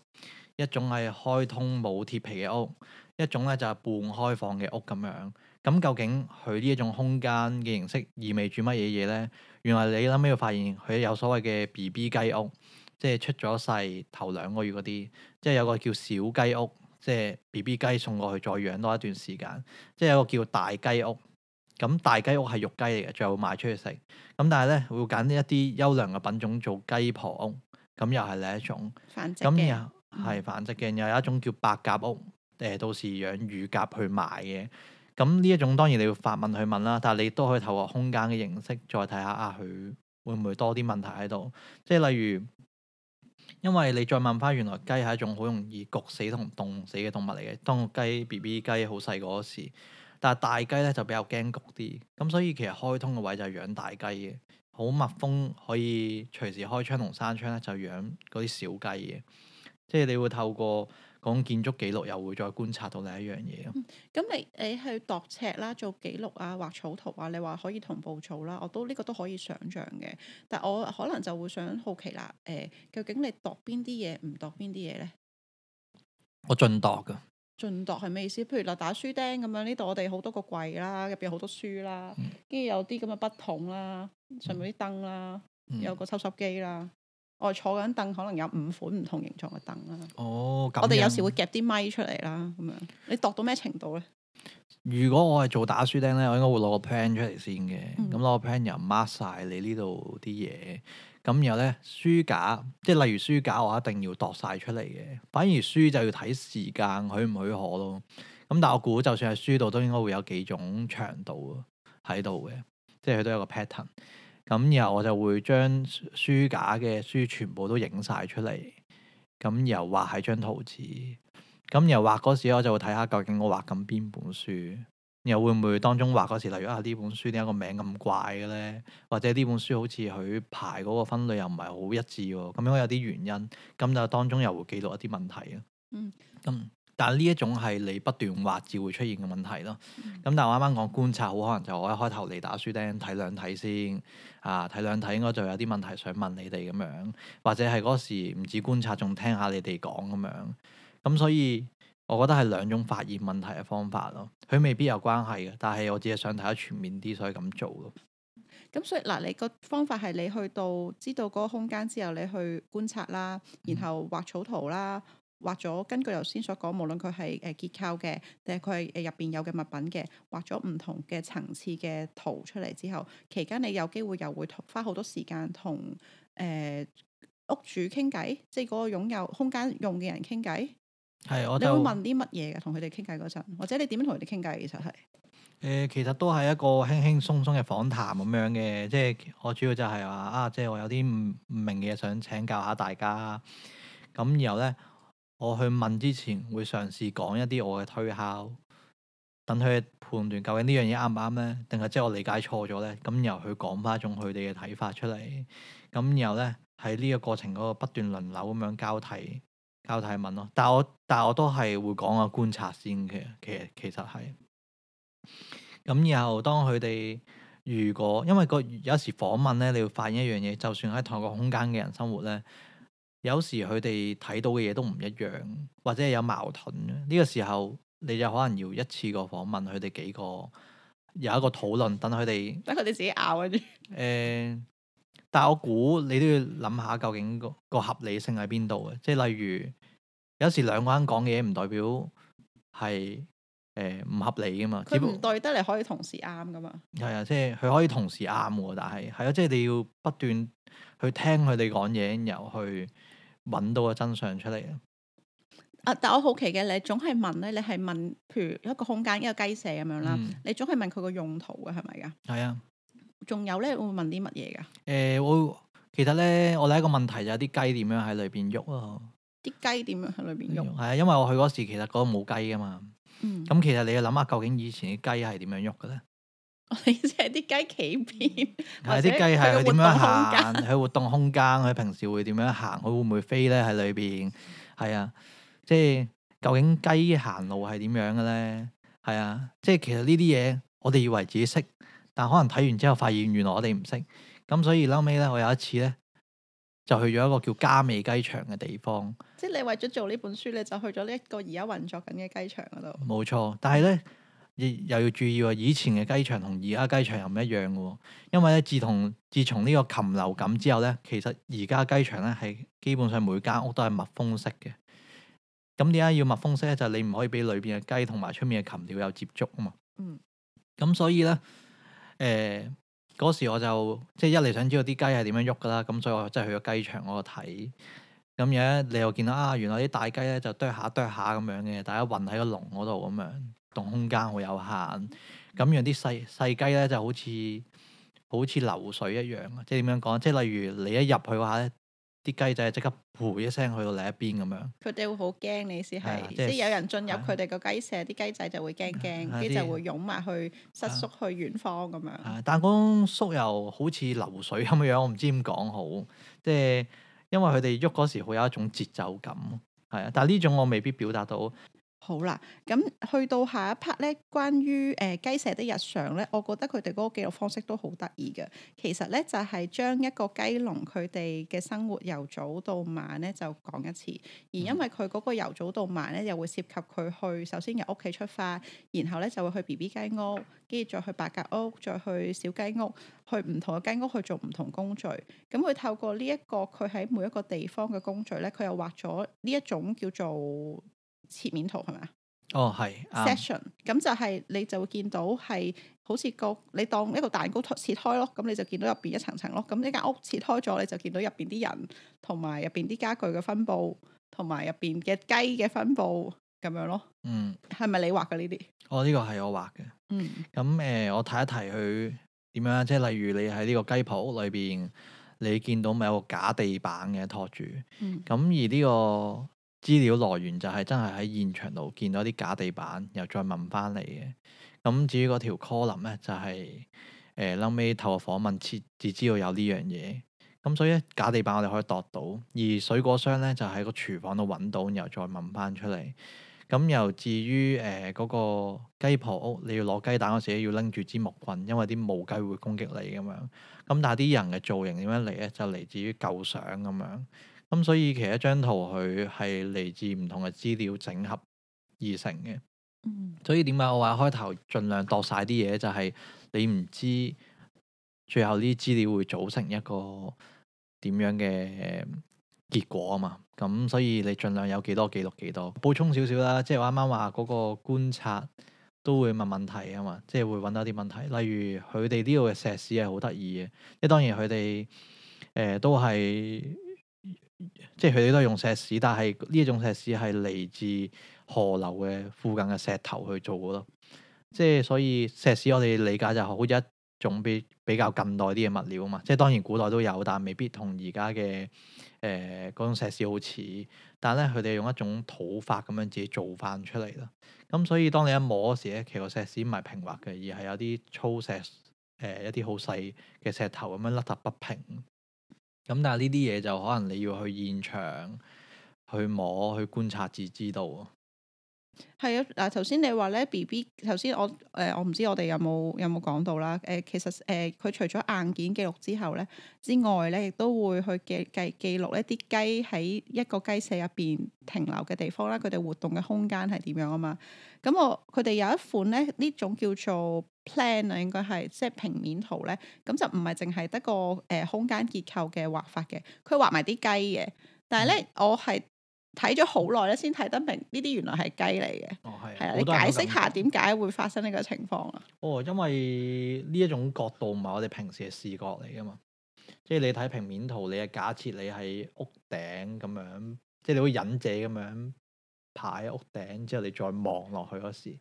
一種係開通冇鐵皮嘅屋，一種咧就係半開放嘅屋咁樣。咁究竟佢呢一種空間嘅形式意味住乜嘢嘢咧？原來你諗起要發現佢有所謂嘅 B B 雞屋。即係出咗世頭兩個月嗰啲，即係有個叫小雞屋，即係 B B 雞送過去再養多一段時間。即係有個叫大雞屋，咁大雞屋係肉雞嚟嘅，最後賣出去食。咁但係咧會揀一啲優良嘅品種做雞婆屋，咁又係另一種。咁又係繁殖嘅又、嗯，又有一種叫白鴿屋，誒到時養乳鴿去賣嘅。咁呢一種當然你要發問去問啦，但係你都可以透過空間嘅形式再睇下啊，佢會唔會多啲問題喺度？即係例如。因為你再問翻，原來雞係一種好容易焗死同凍死嘅動物嚟嘅。當雞 BB 雞好細個嗰時，但係大雞咧就比較驚焗啲。咁所以其實開通嘅位就係養大雞嘅，好密封可以隨時開窗同閂窗咧，就養嗰啲小雞嘅。即係你會透過。講建築記錄又會再觀察到另一樣嘢咯。咁你、嗯、你去度尺啦，做記錄啊，畫草圖啊，你話可以同步草啦，我都呢、這個都可以想象嘅。但我可能就會想好奇啦，誒、呃，究竟你度邊啲嘢唔度邊啲嘢咧？我盡度噶，盡度係咩意思？譬如嗱，打書釘咁樣，呢度我哋好多個櫃啦，入邊好多書啦，跟住、嗯、有啲咁嘅筆筒啦，上面啲燈啦，嗯、有個抽濕機啦。我坐緊凳，可能有五款唔同形狀嘅凳啦。哦，我哋有時會夾啲咪出嚟啦，咁樣你度到咩程度咧？如果我係做打書釘咧，我應該會攞個 plan 出嚟先嘅。咁攞、嗯、個 plan 又 mark 晒你呢度啲嘢。咁然後咧書架，即係例如書架，我一定要度晒出嚟嘅。反而書就要睇時間許唔許可咯。咁但係我估，就算係書度，都應該會有幾種長度喺度嘅，即係佢都有個 pattern。咁然後我就會將書架嘅書全部都影晒出嚟，咁然後畫喺張圖紙，咁然後畫嗰時我就會睇下究竟我畫緊邊本書，然後會唔會當中畫嗰時，例如啊呢本書點解個名咁怪嘅咧？或者呢本書好似佢排嗰個分類又唔係好一致，咁因為有啲原因，咁就當中又會記錄一啲問題啊。咁、嗯。嗯但係呢一種係你不斷畫字會出現嘅問題咯。咁、嗯、但係我啱啱講觀察好可能就我一開頭嚟打書釘睇兩睇先啊，睇兩睇應該就有啲問題想問你哋咁樣，或者係嗰時唔止觀察，仲聽下你哋講咁樣。咁所以我覺得係兩種發現問題嘅方法咯。佢未必有關係嘅，但係我只係想睇得全面啲，所以咁做咯。咁所以嗱，你個方法係你去到知道嗰個空間之後，你去觀察啦，然後畫草圖啦。畫咗，根據頭先所講，無論佢係誒結構嘅，定係佢係誒入邊有嘅物品嘅，畫咗唔同嘅層次嘅圖出嚟之後，期間你有機會又會花好多時間同誒、呃、屋主傾偈，即係嗰個擁有空間用嘅人傾偈。係，我就，你會問啲乜嘢嘅？同佢哋傾偈嗰陣，或者你點樣同佢哋傾偈？其實係誒、呃，其實都係一個輕輕鬆鬆嘅訪談咁樣嘅，即係我主要就係話啊，即係我有啲唔唔明嘅嘢想請教下大家，咁、嗯、然後咧。我去問之前會嘗試講一啲我嘅推敲，等佢判斷究竟呢樣嘢啱唔啱咧，定係即係我理解錯咗咧？咁然後佢講翻一種佢哋嘅睇法出嚟，咁然後咧，喺呢個過程嗰個不斷輪流咁樣交替交替問咯。但係我但係我都係會講下觀察先嘅，其實其實係咁。然後當佢哋如果因為個有時訪問咧，你要發現一樣嘢，就算喺同一個空間嘅人生活咧。有時佢哋睇到嘅嘢都唔一樣，或者係有矛盾。呢個時候你就可能要一次過訪問佢哋幾個，有一個討論，等佢哋等佢哋自己拗跟住。誒，但我估你都要諗下究竟個合理性喺邊度嘅。即係例如有時兩個人講嘢唔代表係誒唔合理噶嘛。佢唔對得嚟可以同時啱噶嘛？係啊，即係佢可以同時啱喎，但係係啊，即係你要不斷去聽佢哋講嘢，然後去。揾到個真相出嚟啊。但我好奇嘅，你總係問咧，你係問，譬如一個空間一個雞舍咁樣啦，嗯、你總係問佢個用途嘅係咪噶？係啊，仲有咧，會,會問啲乜嘢噶？誒、欸，我其實咧，我哋一個問題就係啲雞點樣喺裏邊喐啊？啲雞點樣喺裏邊喐？係啊，因為我去嗰時其實嗰度冇雞噶嘛。嗯。咁其實你要諗下，究竟以前啲雞係點樣喐嘅咧？你即係啲雞企邊？係啲雞係點樣行？喺活動空間，佢 平時會點樣行？佢會唔會飛咧？喺裏邊，係啊，即係究竟雞行路係點樣嘅咧？係啊，即係其實呢啲嘢，我哋以為自己識，但可能睇完之後發現原來我哋唔識。咁所以嬲尾咧，我有一次咧，就去咗一個叫加美雞場嘅地方。即係你為咗做呢本書你就去咗呢一個而家運作緊嘅雞場嗰度。冇錯，但係咧。嗯又要注意喎，以前嘅雞場同而家雞場又唔一樣嘅。哦，因為咧自從自從呢個禽流感之後咧，其實而家雞場咧係基本上每間屋都係密封式嘅。咁點解要密封式咧？就係，你唔可以俾裏邊嘅雞同埋出面嘅禽鳥有接觸啊嘛。嗯。咁所以咧，誒、呃、嗰時我就即係一嚟想知道啲雞係點樣喐噶啦，咁所以我真係去咗雞場嗰度睇。咁樣，你又見到啊？原來啲大雞咧就啄下啄下咁樣嘅，大家混喺個籠嗰度咁樣。空間好有限，咁樣啲細細雞咧就好似好似流水一樣，即係點樣講？即係例如你一入去嘅話咧，啲雞仔即刻噗一聲去到另一邊咁樣。佢哋會好驚你，先係、啊就是、即係有人進入佢哋個雞舍，啲雞仔就會驚驚，跟、啊啊、就會湧埋去失縮去遠方咁樣。啊、但係嗰種縮又好似流水咁樣，我唔知點講好。即係因為佢哋喐嗰時，會有一種節奏感，係啊。但係呢種我未必表達到。好啦，咁去到下一 part 咧，關於誒、呃、雞舍的日常咧，我覺得佢哋嗰個記錄方式都好得意嘅。其實咧，就係、是、將一個雞籠佢哋嘅生活由早到晚咧，就講一次。而因為佢嗰個由早到晚咧，又會涉及佢去首先由屋企出發，然後咧就會去 B B 雞屋，跟住再去白格屋，再去小雞屋，去唔同嘅雞屋去做唔同工序。咁佢透過呢、這、一個佢喺每一個地方嘅工序咧，佢又畫咗呢一種叫做。切面圖係咪啊？哦，係 section，咁就係你就會見到係好似個你當一個蛋糕切開咯，咁你就見到入邊一層層咯。咁呢間屋切開咗，你就見到入邊啲人同埋入邊啲傢具嘅分佈，同埋入邊嘅雞嘅分佈咁樣咯。嗯，係咪你畫嘅呢啲？哦，呢、這個係我畫嘅。嗯，咁誒、呃，我睇一睇佢點樣啦。即係例如你喺呢個雞鋪屋裏邊，你見到咪有個假地板嘅托住。嗯，咁而呢、這個。資料來源就係真係喺現場度見到啲假地板，又再問翻嚟嘅。咁至於嗰條 call 林咧，就係、是、誒、呃、後尾透過訪問，至至知道有呢樣嘢。咁所以假地板我哋可以度到，而水果箱咧就喺、是、個廚房度揾到，然後再問翻出嚟。咁又至於誒嗰個雞婆屋，你要攞雞蛋嗰時要拎住支木棍，因為啲母雞會攻擊你咁樣。咁但係啲人嘅造型點樣嚟咧？就嚟自於舊相咁樣。咁、嗯、所以，其實一張圖佢係嚟自唔同嘅資料整合而成嘅。嗯、所以點解我話開頭盡量度晒啲嘢，就係、是、你唔知最後啲資料會組成一個點樣嘅結果啊嘛。咁所以你盡量有幾多記錄幾多，補充少少啦。即係我啱啱話嗰個觀察都會問問題啊嘛，即係會揾到啲問題。例如佢哋呢度嘅石屎係好得意嘅，即係當然佢哋誒都係。即係佢哋都係用石屎，但係呢一種石屎係嚟自河流嘅附近嘅石頭去做嘅咯。即係所以石屎我哋理解就好似一種比比較近代啲嘅物料啊嘛。即係當然古代都有，但係未必同而家嘅誒嗰種石屎好似。但係咧，佢哋用一種土法咁樣自己造翻出嚟咯。咁所以當你一摸嗰時咧，其實石屎唔係平滑嘅，而係有啲粗石誒、呃、一啲好細嘅石頭咁樣凹凸不平。咁但係呢啲嘢就可能你要去現場，去摸去觀察，至知道。啊，係啊，嗱頭先你話咧 B B 頭先我，誒、呃、我唔知我哋有冇有冇講到啦誒、呃、其實誒佢，呃、除咗硬件記錄之後咧之外咧，亦都會去記記記錄一啲雞喺一個雞舍入邊停留嘅地方啦，佢哋活動嘅空間係點樣啊嘛？咁我佢哋有一款咧呢種叫做。plan 啊，應該係即係平面圖咧，咁就唔係淨係得個誒、呃、空間結構嘅畫法嘅，佢畫埋啲雞嘅。但係咧，嗯、我係睇咗好耐咧，先睇得明呢啲原來係雞嚟嘅。哦，係，係啊的，你解釋下點解會發生呢個情況啊？哦，因為呢一種角度唔係我哋平時嘅視覺嚟噶嘛，即係你睇平面圖，你係假設你喺屋頂咁樣，即係你好忍者咁樣爬屋頂之後，你再望落去嗰時。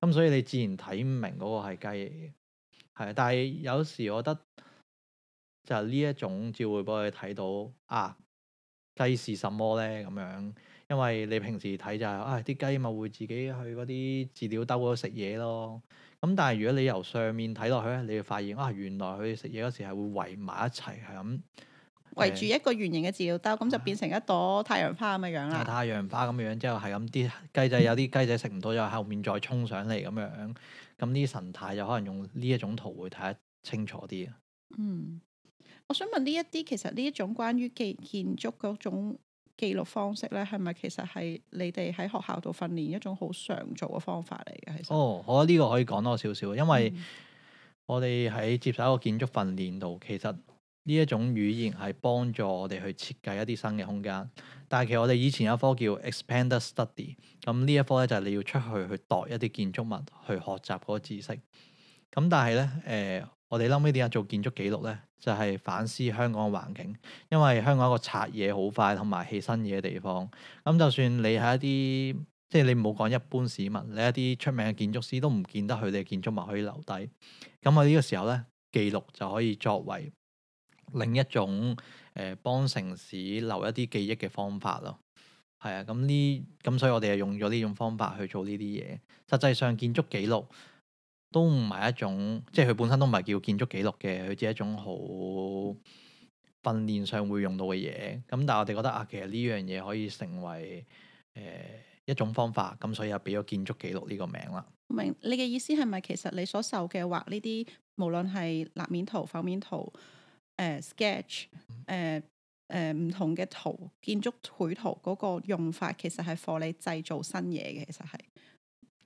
咁、嗯、所以你自然睇唔明嗰個係雞嚟嘅，係。但係有時我覺得就係呢一種只會幫你睇到啊雞是什麼咧咁樣，因為你平時睇就係、是、啊啲雞咪會自己去嗰啲飼料兜嗰度食嘢咯。咁、嗯、但係如果你由上面睇落去咧，你會發現啊原來佢食嘢嗰時係會圍埋一齊係咁。圍住一個圓形嘅飼料兜，咁的就變成一朵太陽花咁嘅樣啦、啊。太陽花咁嘅樣之後係咁，啲雞仔有啲雞仔食唔到，又 後面再衝上嚟咁樣。咁呢啲神態就可能用呢一種圖會睇得清楚啲。嗯，我想問呢一啲其實呢一種關於記建築嗰種記錄方式咧，係咪其實係你哋喺學校度訓練一種好常做嘅方法嚟嘅？哦，我呢、呢個可以講多少少，因為、嗯、我哋喺接受一個建築訓練度，其實。呢一種語言係幫助我哋去設計一啲新嘅空間，但係其實我哋以前有一科叫 expander study，咁呢一科咧就係你要出去去度一啲建築物去學習嗰個知識，咁但係咧，誒、呃，我哋諗起點解做建築記錄咧，就係、是、反思香港嘅環境，因為香港一個拆嘢好快，同埋起新嘢嘅地方，咁就算你喺一啲，即、就、係、是、你唔好講一般市民，你一啲出名嘅建築師都唔見得佢哋嘅建築物可以留低，咁我呢個時候咧，記錄就可以作為。另一種誒、呃、幫城市留一啲記憶嘅方法咯，係啊，咁呢咁，所以我哋又用咗呢種方法去做呢啲嘢。實際上建築記錄都唔係一種，即係佢本身都唔係叫建築記錄嘅，佢只係一種好訓練上會用到嘅嘢。咁、嗯、但係我哋覺得啊，其實呢樣嘢可以成為誒、呃、一種方法，咁所以又俾咗建築記錄呢個名啦。明，你嘅意思係咪其實你所受嘅畫呢啲，無論係立面圖、剖面圖？誒、uh, sketch 誒誒，唔同嘅圖，建築繪圖嗰個用法其實係幫你製造新嘢嘅，其實係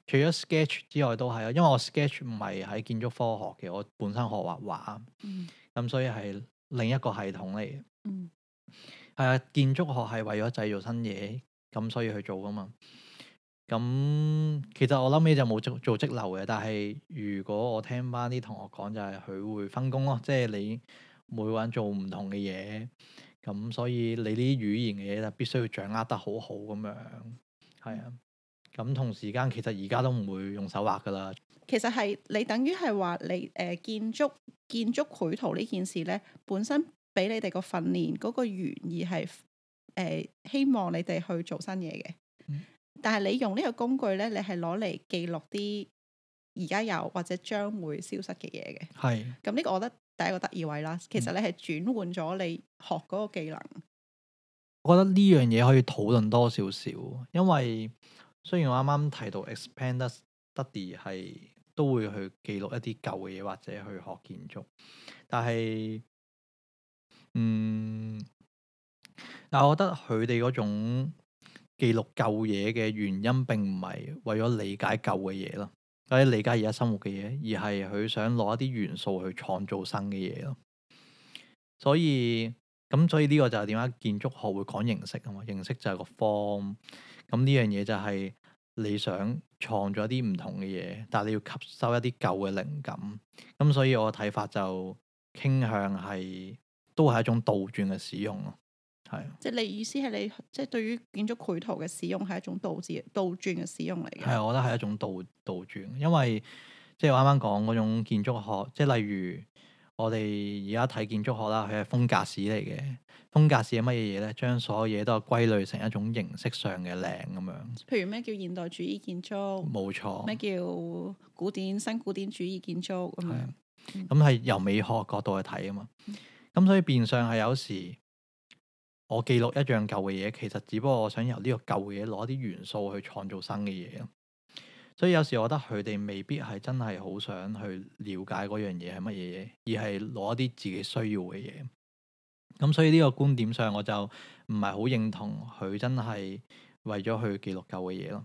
除咗 sketch 之外都係啊，因為我 sketch 唔係喺建築科學嘅，我本身學畫畫，咁、嗯嗯、所以係另一個系統嚟嘅。係啊、嗯，建築學係為咗製造新嘢，咁所以去做㗎嘛。咁、嗯、其實我諗尾就冇做做積流嘅，但係如果我聽翻啲同學講，就係、是、佢會分工咯，即係你。每個人做唔同嘅嘢，咁所以你呢啲語言嘅嘢就必須要掌握得好好咁樣，係啊。咁同時間其實而家都唔會用手畫噶啦。其實係你等於係話你誒、呃、建築建築繪圖呢件事咧，本身俾你哋個訓練嗰個原意係誒、呃、希望你哋去做新嘢嘅。嗯、但係你用呢個工具咧，你係攞嚟記錄啲而家有或者將會消失嘅嘢嘅。係是。咁呢個我覺得。第一個得意位啦，其實你係轉換咗你學嗰個技能。我覺得呢樣嘢可以討論多少少，因為雖然我啱啱提到 expander study 係都會去記錄一啲舊嘢或者去學建築，但係，嗯，但係我覺得佢哋嗰種記錄舊嘢嘅原因，並唔係為咗理解舊嘅嘢咯。或者理解而家生活嘅嘢，而係佢想攞一啲元素去創造新嘅嘢咯。所以咁，所以呢個就係點解建築學會講形式啊嘛，形式就係個 form。咁呢樣嘢就係你想創造一啲唔同嘅嘢，但係你要吸收一啲舊嘅靈感。咁所以我嘅睇法就傾向係都係一種倒轉嘅使用咯。即係你意思係你，即係對於建築繪圖嘅使用係一種倒置，倒轉嘅使用嚟嘅。係，我覺得係一種倒倒轉，因為即係我啱啱講嗰種建築學，即係例如我哋而家睇建築學啦，佢係風格史嚟嘅，風格史係乜嘢嘢咧？將所有嘢都係歸類成一種形式上嘅靚咁樣。譬如咩叫現代主義建築？冇錯，咩叫古典、新古典主義建築咁樣？咁係是、嗯、由美學角度去睇啊嘛。咁、嗯、所以變相係有時。我記錄一樣舊嘅嘢，其實只不過我想由呢個舊嘢攞啲元素去創造新嘅嘢。所以有時我覺得佢哋未必係真係好想去了解嗰樣嘢係乜嘢嘢，而係攞一啲自己需要嘅嘢。咁所以呢個觀點上，我就唔係好認同佢真係為咗去記錄舊嘅嘢咯。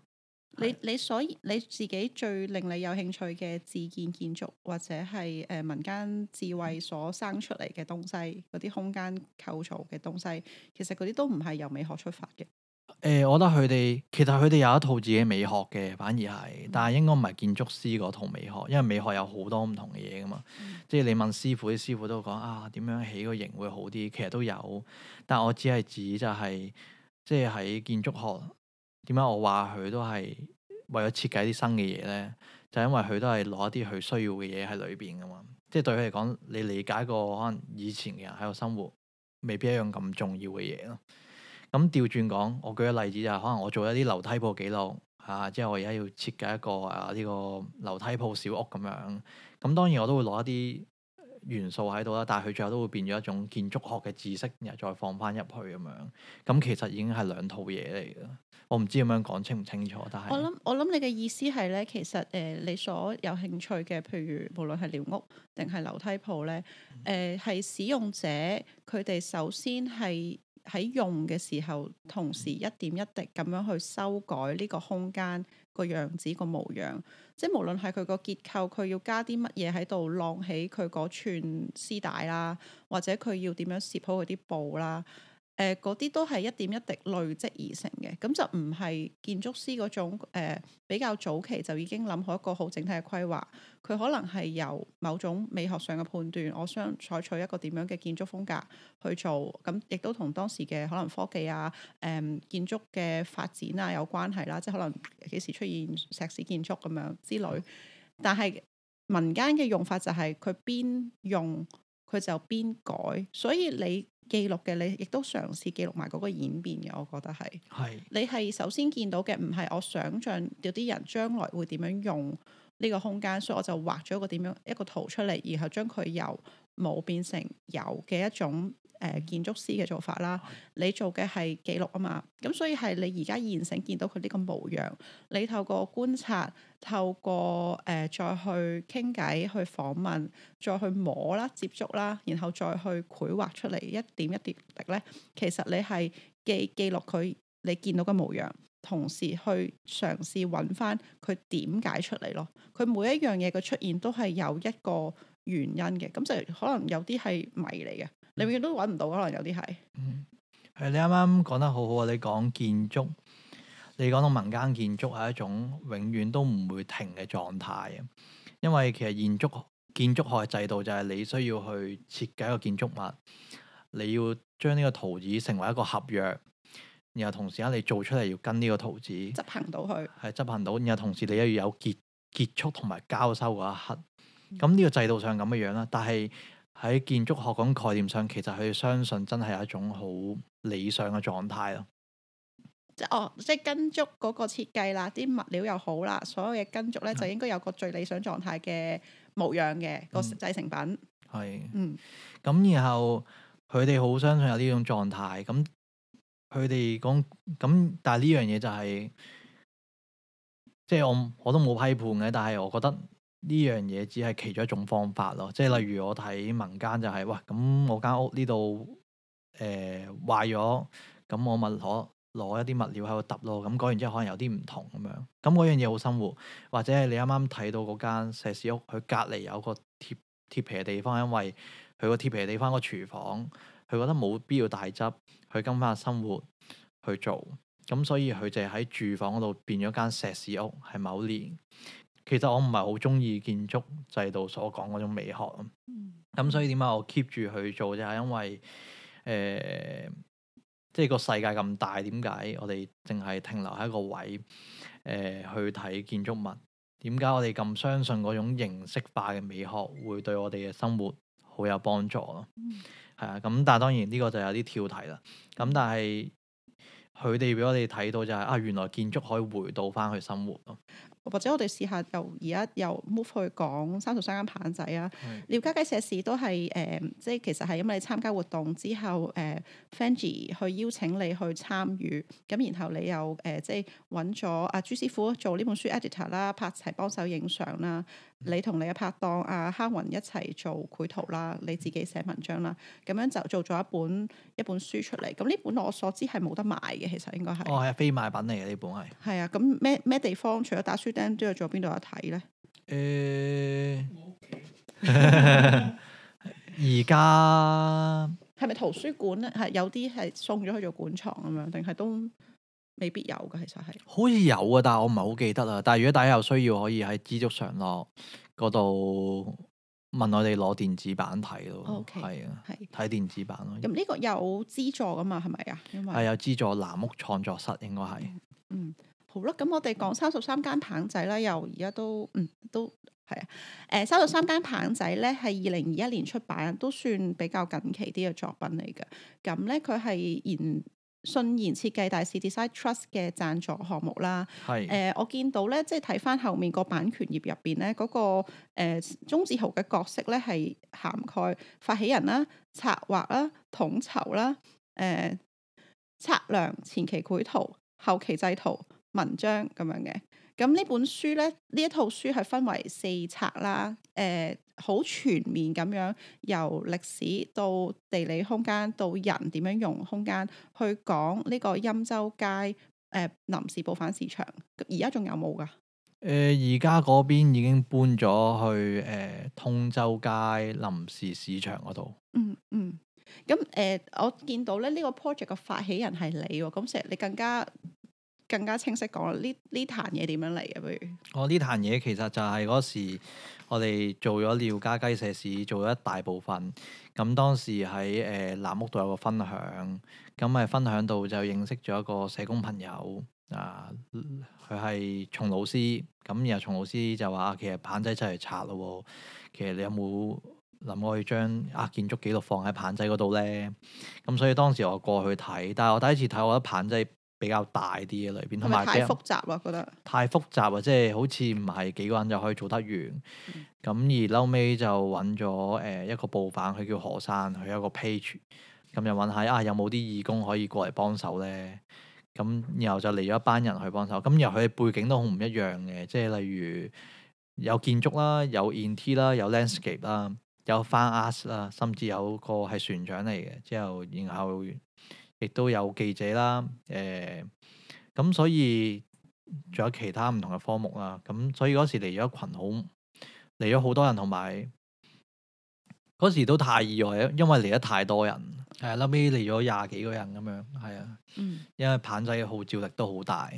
你你所以你自己最令你有興趣嘅自建建築或者係誒民間智慧所生出嚟嘅東西，嗰啲空間構造嘅東西，其實嗰啲都唔係由美學出發嘅。誒、呃，我覺得佢哋其實佢哋有一套自己美學嘅，反而係，但係應該唔係建築師嗰套美學，因為美學有好多唔同嘅嘢噶嘛。嗯、即係你問師傅，啲師傅都講啊，點樣起個型會好啲？其實都有，但我只係指就係即係喺建築學。點解我話佢都係為咗設計啲新嘅嘢咧？就係，因為佢都係攞一啲佢需要嘅嘢喺裏邊噶嘛，即係對佢嚟講，你理解過可能以前嘅人喺度生活，未必一樣咁重要嘅嘢咯。咁調轉講，我舉個例子就係、是，可能我做一啲樓梯鋪記錄啊，即係我而家要設計一個誒呢，啊呢個樓梯鋪小屋咁樣。咁、嗯、當然我都會攞一啲元素喺度啦，但係佢最後都會變咗一種建築學嘅知識，然後再放翻入去咁樣，咁其實已經係兩套嘢嚟嘅。我唔知點樣講清唔清楚，但係我諗我諗你嘅意思係咧，其實誒、呃、你所有有興趣嘅，譬如無論係寮屋定係樓梯鋪咧，誒、呃、係使用者佢哋首先係喺用嘅時候，同時一點一滴咁樣去修改呢個空間個樣子個模樣。即係無論係佢個結構，佢要加啲乜嘢喺度，晾起佢嗰串絲帶啦，或者佢要點樣攝好佢啲布啦。誒嗰啲都係一點一滴累積而成嘅，咁就唔係建築師嗰種、呃、比較早期就已經諗好一個好整體嘅規劃。佢可能係由某種美學上嘅判斷，我想採取一個點樣嘅建築風格去做，咁亦都同當時嘅可能科技啊、誒、呃、建築嘅發展啊有關係啦，即係可能幾時出現石屎建築咁樣之類。但係民間嘅用法就係佢邊用佢就邊改，所以你。記錄嘅你，亦都嘗試記錄埋嗰個演變嘅，我覺得係。是你係首先見到嘅，唔係我想象有啲人將來會點樣用呢個空間，所以我就畫咗一個點樣一個圖出嚟，然後將佢由冇變成有嘅一種。誒、呃、建築師嘅做法啦，你做嘅係記錄啊嘛，咁、嗯、所以係你而家現成見到佢呢個模樣，你透過觀察，透過誒、呃、再去傾偈、去訪問、再去摸啦、接觸啦，然後再去繪畫出嚟一點一滴滴咧，其實你係記記錄佢你見到嘅模樣，同時去嘗試揾翻佢點解出嚟咯。佢每一樣嘢嘅出現都係有一個原因嘅，咁、嗯、就可能有啲係迷嚟嘅。你永遠都揾唔到，可能有啲係。嗯，係，你啱啱講得好好啊！你講建築，你講到民間建築係一種永遠都唔會停嘅狀態啊！因為其實建築建築學嘅制度就係你需要去設計一個建築物，你要將呢個圖紙成為一個合約，然後同時咧你做出嚟要跟呢個圖紙執行到去，係執行到。然後同時你又要有結結束同埋交收嘅一刻。咁呢、嗯、個制度上咁嘅樣啦，但係。喺建築學嗰種概念上，其實佢哋相信真係一種好理想嘅狀態咯。即哦，即係跟足嗰個設計啦，啲物料又好啦，所有嘅跟足咧，是就應該有個最理想狀態嘅模樣嘅、嗯、個製成品。係是，嗯，咁然後佢哋好相信有呢種狀態。咁佢哋講咁，但係呢樣嘢就係即係我我都冇批判嘅，但係我覺得。呢樣嘢只係其中一種方法咯，即係例如我睇民間就係、是，喂咁我間屋呢度誒壞咗，咁我咪攞攞一啲物料喺度揼咯，咁講完之後可能有啲唔同咁樣，咁嗰樣嘢好生活，或者係你啱啱睇到嗰間石屎屋，佢隔籬有個鐵鐵皮嘅地方，因為佢個鐵皮嘅地方個廚房，佢覺得冇必要大執，佢跟翻生活去做，咁所以佢就喺住房嗰度變咗間石屎屋，係某年。其實我唔係好中意建築制度所講嗰種美學啊，咁、嗯、所以點解我 keep 住去做就係因為誒、呃，即係個世界咁大，點解我哋淨係停留喺一個位誒、呃、去睇建築物？點解我哋咁相信嗰種形式化嘅美學會對我哋嘅生活好有幫助咯？係啊、嗯，咁但係當然呢個就有啲跳題啦。咁但係佢哋俾我哋睇到就係、是、啊，原來建築可以回到返去生活咯。或者我哋試下又而家又 move 去講三十三間棚仔啊！是的 廖家雞舍史都係誒、呃，即係其實係因為你參加活動之後，誒、呃、Fangji 去邀請你去參與，咁然後你又誒、呃、即係揾咗阿朱師傅做呢本書 editor 啦，拍齊幫手影相啦。你同你嘅拍檔阿黑云一齊做繪圖啦，你自己寫文章啦，咁樣就做咗一本一本書出嚟。咁呢本我所知係冇得賣嘅，其實應該係哦，係非賣品嚟嘅呢本係。係啊，咁咩咩地方？除咗打書釘，都要做邊度有睇咧？誒、欸，而家係咪圖書館咧？係有啲係送咗去做館藏咁樣，定係都？未必有嘅，其實係好似有啊，但係我唔係好記得啦。但係如果大家有需要，可以喺知築常落嗰度問我哋攞電子版睇咯，係啊，睇電子版咯。咁呢、嗯這個有資助噶嘛？係咪啊？係有資助，藍屋創作室應該係嗯，嗯好啦。咁我哋講三十三間棚仔啦，又而、嗯呃、家都嗯都係啊。誒三十三間棚仔咧係二零二一年出版，都算比較近期啲嘅作品嚟嘅。咁咧佢係現。信言設計大使 Design Trust 嘅贊助項目啦，誒是、呃，我見到咧，即係睇返後面個版權頁入邊咧，嗰、那個誒鐘、呃、智豪嘅角色咧係涵蓋發起人啦、策劃啦、統籌啦、誒測量前期繪圖、後期製圖、文章咁樣嘅。咁呢本書咧，呢一套書係分為四冊啦，誒、呃。好全面咁樣，由歷史到地理空間，到人點樣用空間去講呢個欽州街誒、呃、臨時小販市場。而家仲有冇㗎？誒、呃，而家嗰邊已經搬咗去誒、呃、通州街臨時市場嗰度，嗯。嗯嗯，咁誒、呃，我見到咧，呢、這個 project 嘅發起人係你喎，咁成日你更加。更加清晰講啦，呢呢壇嘢，點樣嚟嘅？不如我呢壇嘢，哦、其實就係嗰時我哋做咗廖家雞舍史，做咗一大部分。咁當時喺誒、呃、藍屋度有個分享，咁咪分享到就認識咗一個社工朋友啊。佢係從老師，咁然後從老師就話啊，其實棚仔真係拆咯，其實你有冇諗過去將、啊、建築記錄放喺棚仔嗰度咧？咁所以當時我過去睇，但係我第一次睇，我覺得棚仔。比較大啲嘅裏邊，同埋不太複雜啊，覺得太複雜啊！即、就、係、是、好似唔係幾個人就可以做得完，咁、嗯、而嬲尾就揾咗誒一個布販，佢叫何山，佢有個 page，咁就揾下啊有冇啲義工可以過嚟幫手咧？咁然後就嚟咗一班人去幫手，咁然後佢嘅背景都好唔一樣嘅，即、就、係、是、例如有建築啦，有 int 啦，有 landscape 啦，嗯、有 fine arts 啦，甚至有個係船長嚟嘅之後，然後。亦都有記者啦，誒、欸、咁，所以仲有其他唔同嘅科目啦。咁所以嗰時嚟咗群好嚟咗好多人，同埋嗰時都太意外，因為嚟得太多人係後尾嚟咗廿幾個人咁樣，係啊，嗯、因為棚仔嘅號召力都好大，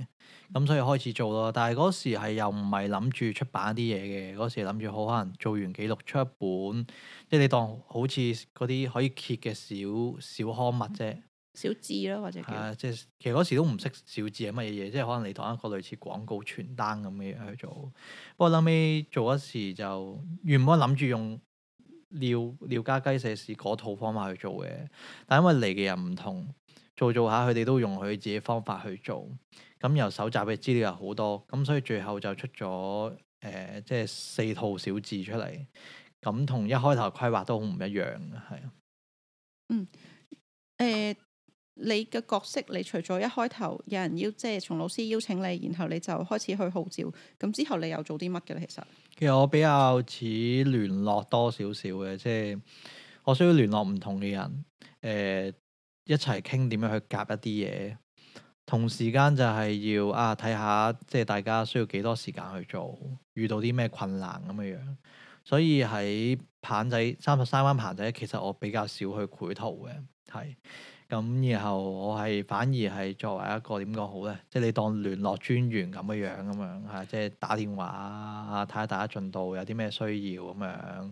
咁所以開始做咯。但係嗰時係又唔係諗住出版一啲嘢嘅，嗰時諗住好可能做完記錄出一本，即、就、係、是、你當好似嗰啲可以揭嘅小小刊物啫。小誌咯，或者係啊，即係其實嗰時都唔識小誌係乜嘢嘢，即係可能你當一個類似廣告傳單咁嘅嘢去做。不過後屘做嗰時就原本諗住用廖廖家雞舍史嗰套方法去做嘅，但因為嚟嘅人唔同，做一做下佢哋都用佢自己方法去做。咁又搜集嘅資料又好多，咁所以最後就出咗誒、呃，即係四套小誌出嚟，咁同一開頭規劃都好唔一樣，係啊，嗯、誒、欸。你嘅角色，你除咗一開頭有人邀，即係從老師邀請你，然後你就開始去號召。咁之後你又做啲乜嘅咧？其實其實我比較似聯絡多少少嘅，即係我需要聯絡唔同嘅人，誒，一齊傾點樣去夾一啲嘢。同時間就係要啊，睇下即係大家需要幾多時間去做，遇到啲咩困難咁樣樣。所以喺棚仔三十三間棚仔，其實我比較少去繪圖嘅係。咁然後我係反而係作為一個點講好咧？即係你當聯絡專員咁嘅樣咁樣嚇，即係打電話啊，睇下大家進度有啲咩需要咁樣。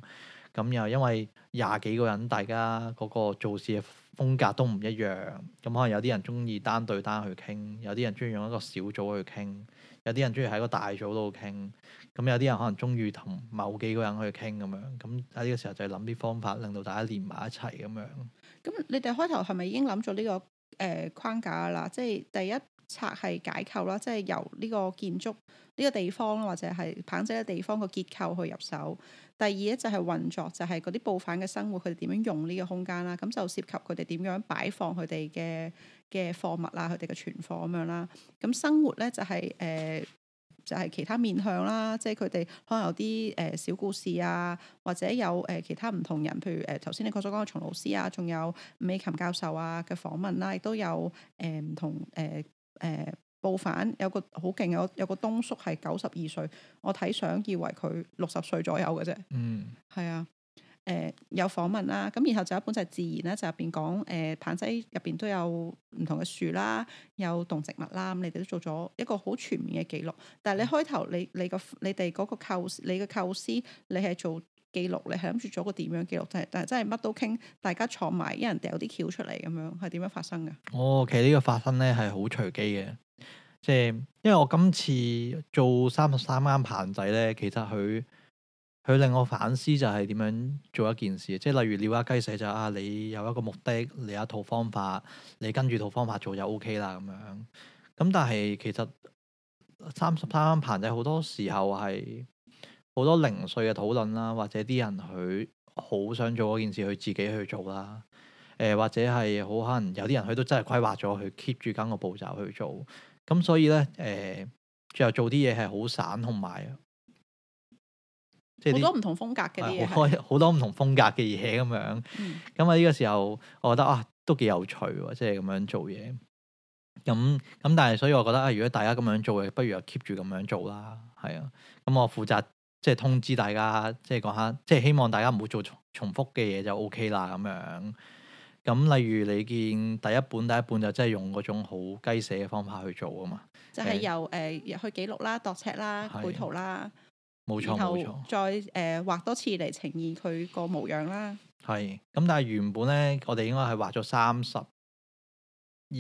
咁又因為廿幾個人，大家嗰個做事嘅風格都唔一樣，咁、嗯、可能有啲人中意單對單去傾，有啲人中意用一個小組去傾，有啲人中意喺一個大組度傾，咁、嗯、有啲人可能中意同某幾個人去傾咁樣，咁喺呢個時候就係諗啲方法，令到大家連埋一齊咁樣。咁你哋開頭係咪已經諗咗呢個誒、呃、框架啦？即係第一冊係解構啦，即係由呢個建築呢個地方或者係棚仔嘅地方個結構去入手。第二咧就係運作，就係嗰啲布販嘅生活佢哋點樣用呢個空間啦。咁、嗯、就涉及佢哋點樣擺放佢哋嘅嘅貨物啊，佢哋嘅存貨咁樣啦。咁、嗯、生活咧就係、是、誒。呃就係其他面向啦，即係佢哋可能有啲誒、呃、小故事啊，或者有誒、呃、其他唔同人，譬如誒頭先你講咗講阿松老師啊，仲有美琴教授啊嘅訪問啦，亦都有誒唔、呃、同誒誒、呃呃、報返，有個好勁有有個東叔係九十二歲，我睇相以為佢六十歲左右嘅啫，嗯，係啊。誒、呃，有訪問啦，咁然後就一本就係自然啦，就入邊講，誒、呃，棚仔入邊都有唔同嘅樹啦，有動植物啦，咁你哋都做咗一個好全面嘅記錄。但係你開頭你你，你，你個你哋嗰個構你嘅構思，你係做記錄，你係諗住做個點樣記錄？但係但係真係乜都傾，大家坐埋一人掉啲橋出嚟咁樣，係點樣發生嘅？哦，其實呢個發生咧係好隨機嘅，即係因為我今次做三十三間棚仔咧，其實佢。佢令我反思就係點樣做一件事，即係例如廖家雞舍就啊，你有一個目的，你有一套方法，你跟住套方法做就 O K 啦咁樣。咁但係其實三十三棚仔好多時候係好多零碎嘅討論啦，或者啲人佢好想做嗰件事，佢自己去做啦。誒、呃，或者係好可能有啲人佢都真係規劃咗，去 keep 住跟個步驟去做。咁所以咧，誒、呃，最後做啲嘢係好散，同埋。好多唔同風格嘅，嘢是，好是多唔同風格嘅嘢咁樣。咁啊、嗯，呢個時候我覺得啊，都幾有趣喎，即係咁樣做嘢。咁咁，但係所以我覺得啊，如果大家咁樣做，嘅，不如又 keep 住咁樣做啦。係啊，咁我負責即係、就是、通知大家，即係講下，即、就、係、是、希望大家唔好做重複嘅嘢就 OK 啦咁樣。咁例如你見第一本第一本就真係用嗰種好雞舍嘅方法去做啊嘛，就係由誒、欸呃、去記錄啦、度尺啦、繪圖啦。冇錯，冇錯，再、呃、誒畫多次嚟呈現佢個模樣啦。係，咁、嗯、但係原本咧，我哋應該係畫咗三十二、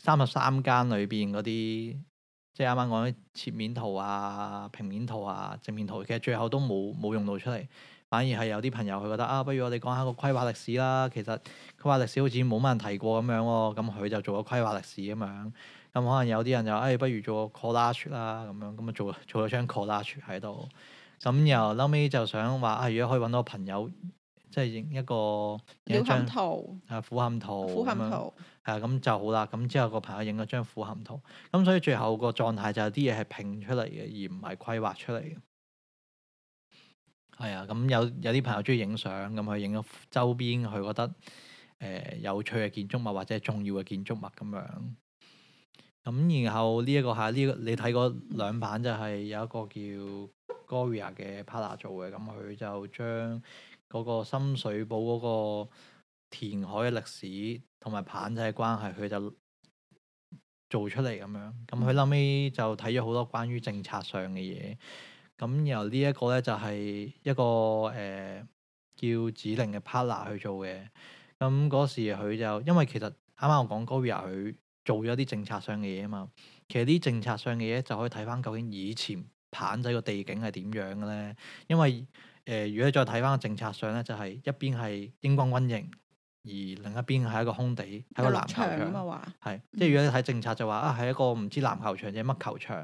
三十三間裏邊嗰啲，即係啱啱講啲切面圖啊、平面圖啊、正面圖，其實最後都冇冇用到出嚟，反而係有啲朋友佢覺得啊，不如我哋講下個規劃歷史啦。其實規劃歷史好似冇乜人提過咁樣喎，咁佢就做個規劃歷史咁樣。咁、嗯、可能有啲人就誒、哎，不如做個 collage 啦，咁樣咁啊，做做咗張 collage 喺度。咁又後尾就想話啊，如果可以揾到個朋友，即係影一個鳥瞰圖，啊俯瞰圖，咁樣係啊，咁就好啦。咁之後個朋友影咗張俯瞰圖。咁所以最後個狀態就係啲嘢係拼出嚟嘅，而唔係規劃出嚟嘅。哎。係啊，咁有有啲朋友中意影相，咁佢影咗周邊，佢覺得誒、呃、有趣嘅建築物或者重要嘅建築物咁樣。咁然後呢、這、一個係呢、這個、你睇過兩版就係有一個叫 Goria 嘅 partner 做嘅，咁佢就將嗰個深水埗嗰個填海嘅歷史同埋棚仔嘅關係，佢就做出嚟咁樣。咁佢後屘就睇咗好多關於政策上嘅嘢。咁然後呢一個咧就係一個誒叫指令嘅 partner 去做嘅。咁嗰時佢就因為其實啱啱我講 Goria 佢。做咗啲政策上嘅嘢啊嘛，其實啲政策上嘅嘢就可以睇翻究竟以前棚仔個地景係點樣嘅咧。因為誒、呃，如果你再睇翻個政策上咧，就係、是、一邊係英軍軍營，而另一邊係一個空地，係個籃球場。係即係如果你睇政策就話係、啊、一個唔知籃球場定乜球場。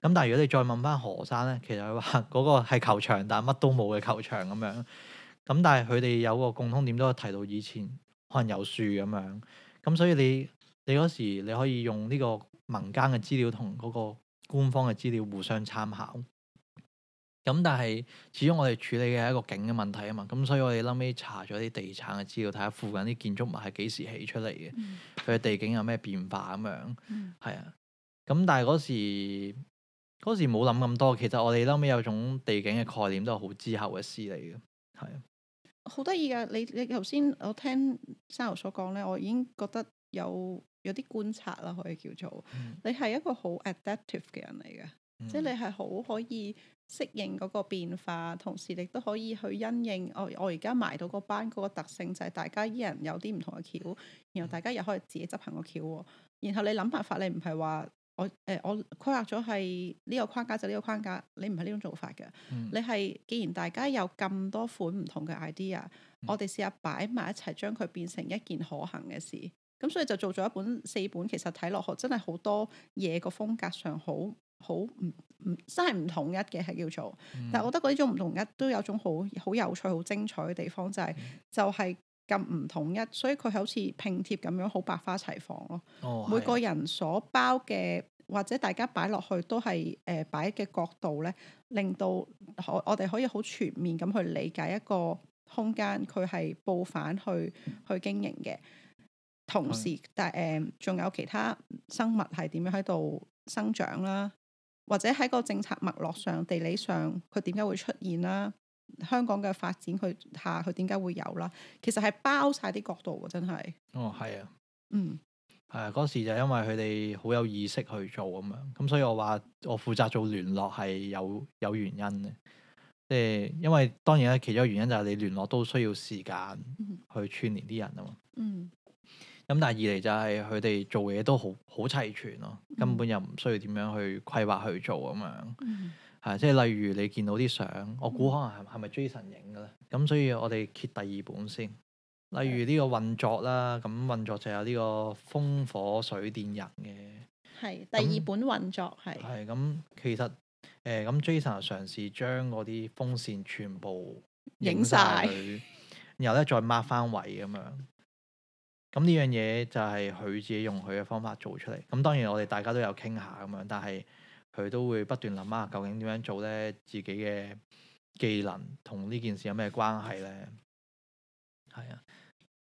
咁但係如果你再問翻何生咧，其實佢話嗰個係球場，但係乜都冇嘅球場咁樣。咁但係佢哋有個共通點都係提到以前可能有樹咁樣。咁所以你。你嗰時你可以用呢個民間嘅資料同嗰個官方嘅資料互相參考，咁但係始終我哋處理嘅係一個景嘅問題啊嘛，咁所以我哋後尾查咗啲地產嘅資料，睇下附近啲建築物係幾時起出嚟嘅，佢嘅、嗯、地景有咩變化咁樣，係、嗯、啊，咁但係嗰時嗰時冇諗咁多，其實我哋後尾有種地景嘅概念都係好之後嘅事嚟嘅，係啊，好得意㗎，你你頭先我聽生豪所講咧，我已經覺得有。有啲觀察啦、啊，可以叫做、嗯、你係一個好 adaptive 嘅人嚟嘅，嗯、即係你係好可以適應嗰個變化，同時你都可以去因應哦。我而家埋到個班，嗰個特性就係大家依人有啲唔同嘅橋，然後大家又可以自己執行個橋。然後你諗辦法你，你唔係話我誒、呃，我規劃咗係呢個框架就呢個框架，你唔係呢種做法嘅。嗯、你係既然大家有咁多款唔同嘅 idea，、嗯、我哋試下擺埋一齊，將佢變成一件可行嘅事。咁所以就做咗一本四本，其實睇落去真係好多嘢，個風格上好好唔唔真係唔統一嘅，係叫做。嗯、但係我覺得嗰種唔統一都有一種好好有趣、好精彩嘅地方，就係、是嗯、就係咁唔統一，所以佢好似拼貼咁樣好百花齊放咯。哦、每個人所包嘅或者大家擺落去都係誒擺嘅角度咧，令到我我哋可以好全面咁去理解一個空間，佢係報反去去經營嘅。嗯同時，但誒仲、嗯、有其他生物係點樣喺度生長啦？或者喺個政策脈絡上、地理上，佢點解會出現啦？香港嘅發展佢下佢點解會有啦？其實係包晒啲角度嘅，真係哦，係啊，嗯，係嗰、啊、時就因為佢哋好有意識去做咁樣，咁所以我話我負責做聯絡係有有原因嘅，即、呃、係因為當然咧，其中原因就係你聯絡都需要時間去串連啲人啊嘛，嗯。咁但係二嚟就係佢哋做嘢都好好齊全咯、啊，嗯、根本又唔需要點樣去規劃去做咁樣，嚇、嗯！即係例如你見到啲相，我估可能係係咪 Jason 影嘅咧？咁所以我哋揭第二本先，例如呢個運作啦，咁運作就有呢個風火水電人嘅，係、嗯、那第二本運作係。係咁，其實誒咁、呃、Jason 嘗試將嗰啲風扇全部影晒，然後咧 再抹翻位咁樣。咁呢樣嘢就係佢自己用佢嘅方法做出嚟。咁、嗯、當然我哋大家都有傾下咁樣，但係佢都會不斷諗啊，究竟點樣做咧？自己嘅技能同呢件事有咩關係咧？係啊。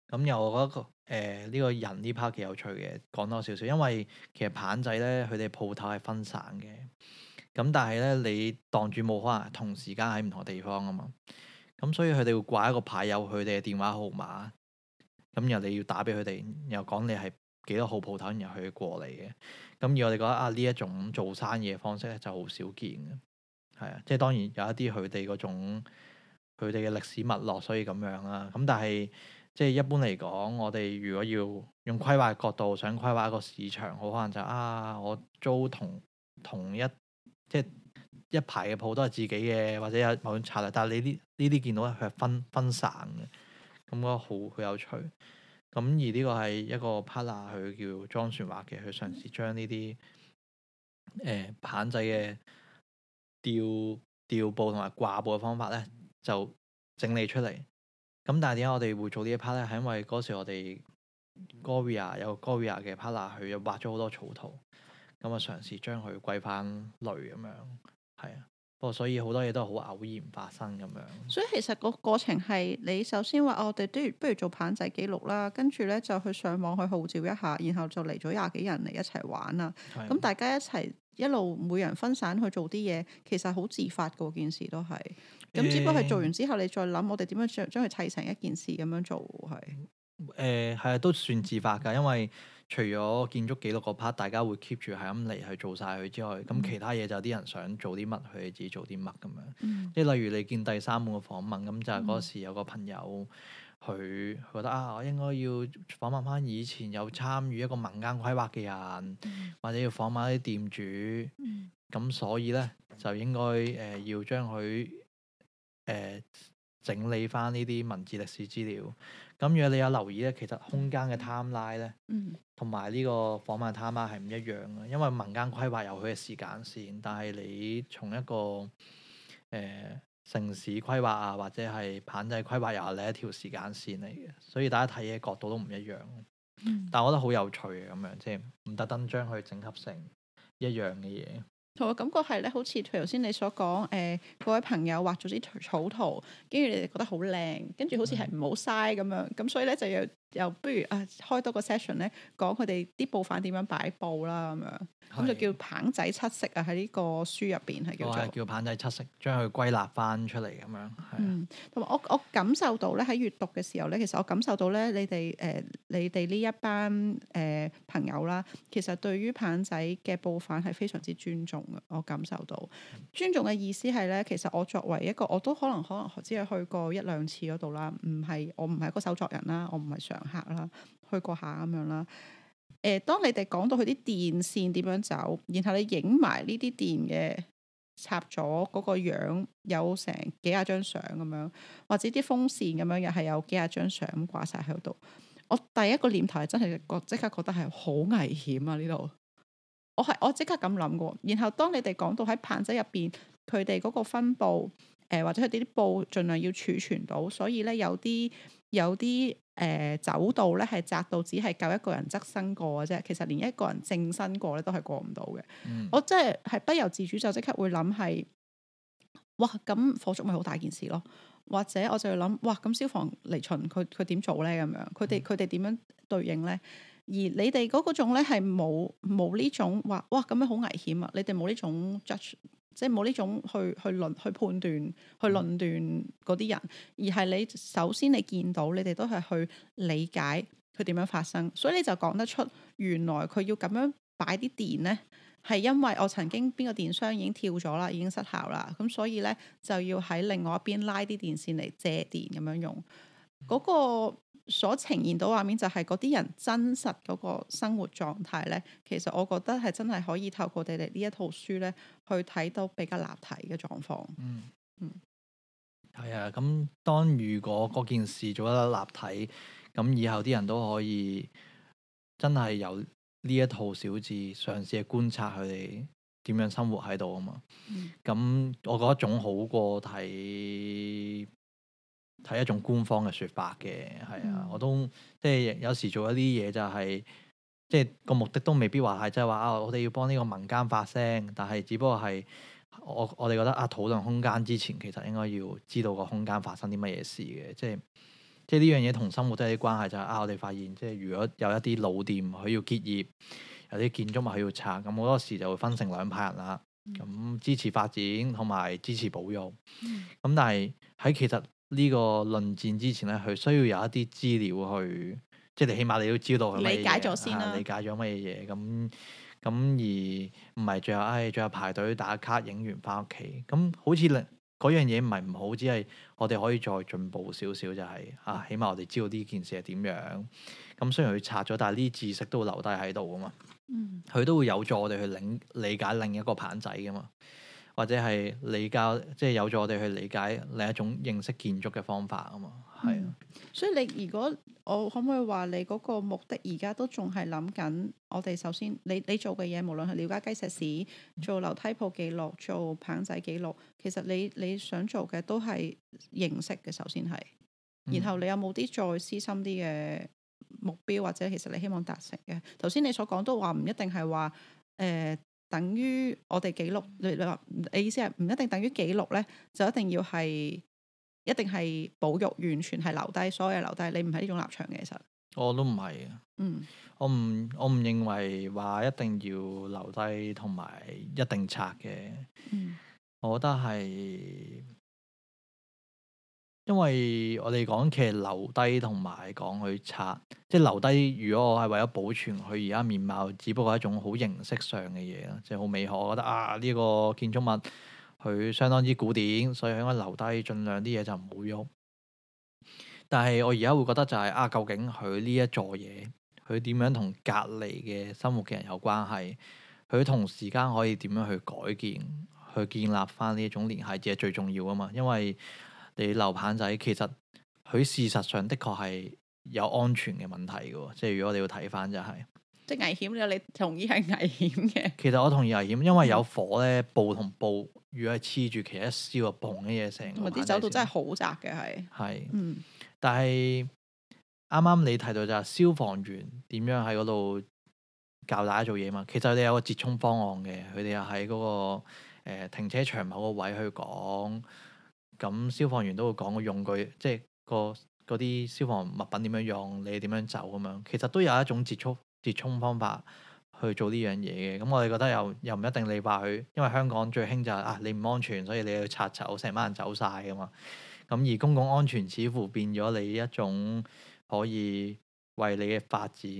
咁、嗯、又我覺得個誒呢個人呢 part 幾有趣嘅，講多少少，因為其實棚仔咧佢哋鋪頭係分散嘅。咁、嗯、但係咧你當住冇可能同時間喺唔同地方啊嘛。咁、嗯、所以佢哋會掛一個牌有佢哋嘅電話號碼。咁又你要打俾佢哋，又講你係幾多號鋪頭，然後佢過嚟嘅。咁而我哋覺得啊，呢一種做生意嘅方式咧就好少見嘅，係啊，即係當然有一啲佢哋嗰種佢哋嘅歷史脈絡，所以咁樣啦。咁但係即係一般嚟講，我哋如果要用規劃角度想規劃一個市場，好可能就啊，我租同同一即係一排嘅鋪都係自己嘅，或者有某種策略。但係你呢呢啲見到係分分散嘅。咁我覺得好有趣。咁而呢個係一個 partner，佢叫莊船畫嘅，佢嘗試將呢啲誒棚仔嘅吊吊布同埋掛布嘅方法咧，就整理出嚟。咁但係點解我哋會做呢一 part 咧？係因為嗰時我哋 Gorilla 有 Gorilla 嘅 partner，佢又畫咗好多草圖，咁啊嘗試將佢歸翻類咁樣。係啊。不過所以好多嘢都係好偶然發生咁樣，所以其實個過程係你首先話我哋都不如做棚仔記錄啦，跟住咧就去上網去號召一下，然後就嚟咗廿幾人嚟一齊玩啦。咁是的 大家一齊一路每人分散去做啲嘢，其實好自發個件事都係，咁只不過係做完之後你再諗我哋點樣將將佢砌成一件事咁樣做係。誒，係啊、呃，都算自發噶，因為。除咗建築記錄個 part，大家會 keep 住係咁嚟去做晒佢之外，咁、嗯、其他嘢就啲人想做啲乜，佢哋自己做啲乜咁樣。即係、嗯、例如你見第三門嘅訪問，咁就係嗰時有個朋友，佢覺得、嗯、啊，我應該要訪問翻以前有參與一個民間規劃嘅人，嗯、或者要訪問啲店主。咁、嗯、所以咧，就應該誒、呃、要將佢誒、呃、整理翻呢啲文字歷史資料。咁如果你有留意咧，其實空間嘅 timeline 咧，同埋呢個訪問 timeline 係唔一樣嘅，因為民間規劃有佢嘅時間線，但係你從一個誒、呃、城市規劃啊，或者係棚仔規劃又係另一條時間線嚟嘅，所以大家睇嘢角度都唔一樣。但係我覺得好有趣嘅咁樣，即係唔特登將佢整合成一樣嘅嘢。我感覺係咧，好似頭先你所講，誒、呃，嗰位朋友畫咗啲草圖，跟住你哋覺得好靚，跟住好似係唔好嘥咁樣，咁所以咧就要。又不如啊，開多個 session 咧，講佢哋啲布販點樣擺布啦，咁的樣咁就叫棚仔七色啊！喺呢個書入邊係叫，就係叫棚仔七色，將佢歸納翻出嚟。咁樣，嗯，同埋我我感受到咧，喺閱讀嘅時候咧，其實我感受到咧、呃，你哋誒，你哋呢一班誒、呃、朋友啦，其實對於棚仔嘅布販係非常之尊重嘅。我感受到、嗯、尊重嘅意思係咧，其實我作為一個，我都可能可能只係去過一兩次嗰度啦，唔係我唔係一個手作人啦，我唔係想。客啦，去過下咁樣啦。誒，當你哋講到佢啲電線點樣走，然後你影埋呢啲電嘅插咗嗰個樣，有成幾廿張相咁樣，或者啲風扇咁樣又係有幾廿張相掛晒喺度。我第一個念頭係真係覺即刻覺得係好危險啊！呢度， 我係我即刻咁諗嘅。然後當你哋講到喺棚仔入邊，佢哋嗰個分布，誒、呃、或者佢哋啲布盡量要儲存到，所以咧有啲。有啲誒、呃、走道咧係窄到只係夠一個人側身過嘅啫，其實連一個人正身過咧都係過唔到嘅。嗯、我真係係不由自主就即刻會諗係，哇！咁火燭咪好大件事咯，或者我就要諗，哇！咁消防嚟巡佢佢點做咧咁樣？佢哋佢哋點樣對應咧？而你哋嗰種咧係冇冇呢種話，哇！咁樣好危險啊！你哋冇呢種 judge 即係冇呢種去去論去判斷去論斷嗰啲人，而係你首先你見到你哋都係去理解佢點樣發生，所以你就講得出原來佢要咁樣擺啲電呢，係因為我曾經邊個電商已經跳咗啦，已經失效啦，咁所以呢，就要喺另外一邊拉啲電線嚟借電咁樣用嗰、嗰個所呈現到畫面就係嗰啲人真實嗰個生活狀態咧，其實我覺得係真係可以透過哋哋呢一套書咧，去睇到比較立體嘅狀況。嗯嗯，係啊、嗯，咁當如果嗰件事做得立體，咁、嗯、以後啲人都可以真係有呢一套小誌嘗試去觀察佢哋點樣生活喺度啊嘛。咁、嗯、我覺得總好過睇。係一種官方嘅説法嘅，係啊，我都即係有時做一啲嘢、就是，就係即係個目的都未必話係，即係話啊，我哋要幫呢個民間發聲，但係只不過係我我哋覺得啊，討論空間之前其實應該要知道個空間發生啲乜嘢事嘅，即係即係呢樣嘢同生活都有啲關係，就係、是、啊，我哋發現即係如果有一啲老店佢要結業，有啲建築物佢要拆，咁好多時就會分成兩派人啦，咁、嗯、支持發展同埋支持保育。咁、嗯、但係喺其實。呢個論戰之前咧，佢需要有一啲資料去，即係你起碼你都知道佢咩嘢，理解咗先啦。理解咗咩嘢嘢，咁咁而唔係最後，唉，最後排隊打卡影完返屋企，咁好似另嗰樣嘢唔係唔好，只係我哋可以再進步少少、就是，就係嚇，起碼我哋知道呢件事係點樣。咁雖然佢拆咗，但係呢啲知識都會留低喺度㗎嘛。佢、嗯、都會有助我哋去領理解另一個棚仔噶嘛。或者係理解，即係有助我哋去理解另一種認識建築嘅方法啊嘛，係啊、嗯。所以你如果我可唔可以話你嗰個目的而家都仲係諗緊？我哋首先，你你做嘅嘢無論係了解雞舍史、做樓梯舖記錄、做棚仔記錄，其實你你想做嘅都係認識嘅。首先係，然後你有冇啲再私心啲嘅目標或者其實你希望達成嘅？頭先你所講都話唔一定係話誒。呃等於我哋記錄你你話，你意思係唔一定等於記錄咧，就一定要係一定係保育，完全係留低所有留，留低你唔係呢種立場嘅，其實我都唔係嘅，嗯，我唔我唔認為話一定要留低同埋一定拆嘅，嗯，我覺得係。因為我哋講其實留低同埋講去拆，即係留低。如果我係為咗保存佢而家面貌，只不過係一種好形式上嘅嘢咯，即係好美好。我覺得啊，呢、這個建築物佢相當之古典，所以應該留低，盡量啲嘢就唔好喐。但係我而家會覺得就係、是、啊，究竟佢呢一座嘢，佢點樣同隔籬嘅生活嘅人有關係？佢同時間可以點樣去改建，去建立翻呢一種聯繫，先係最重要啊嘛，因為。你樓棚仔其實佢事實上的確係有安全嘅問題嘅，即係如果你要睇翻就係、是，即係危險，你同意係危險嘅。其實我同意危險，因為有火咧，布同布如果係黐住，其實、嗯、一燒就嘭嘅嘢成。啲走道真係好窄嘅，係。係是。嗯、但係啱啱你提到就係消防員點樣喺嗰度教大家做嘢嘛？其實佢哋有個折衷方案嘅，佢哋又喺嗰個、呃、停車場某個位去講。咁消防員都會講個用具，即係個嗰啲消防物品點樣用，你點樣走咁樣。其實都有一種折衷折衷方法去做呢樣嘢嘅。咁我哋覺得又又唔一定你話佢，因為香港最興就係、是、啊，你唔安全，所以你要去拆走，成班人走晒㗎嘛。咁而公共安全似乎變咗你一種可以為你嘅發展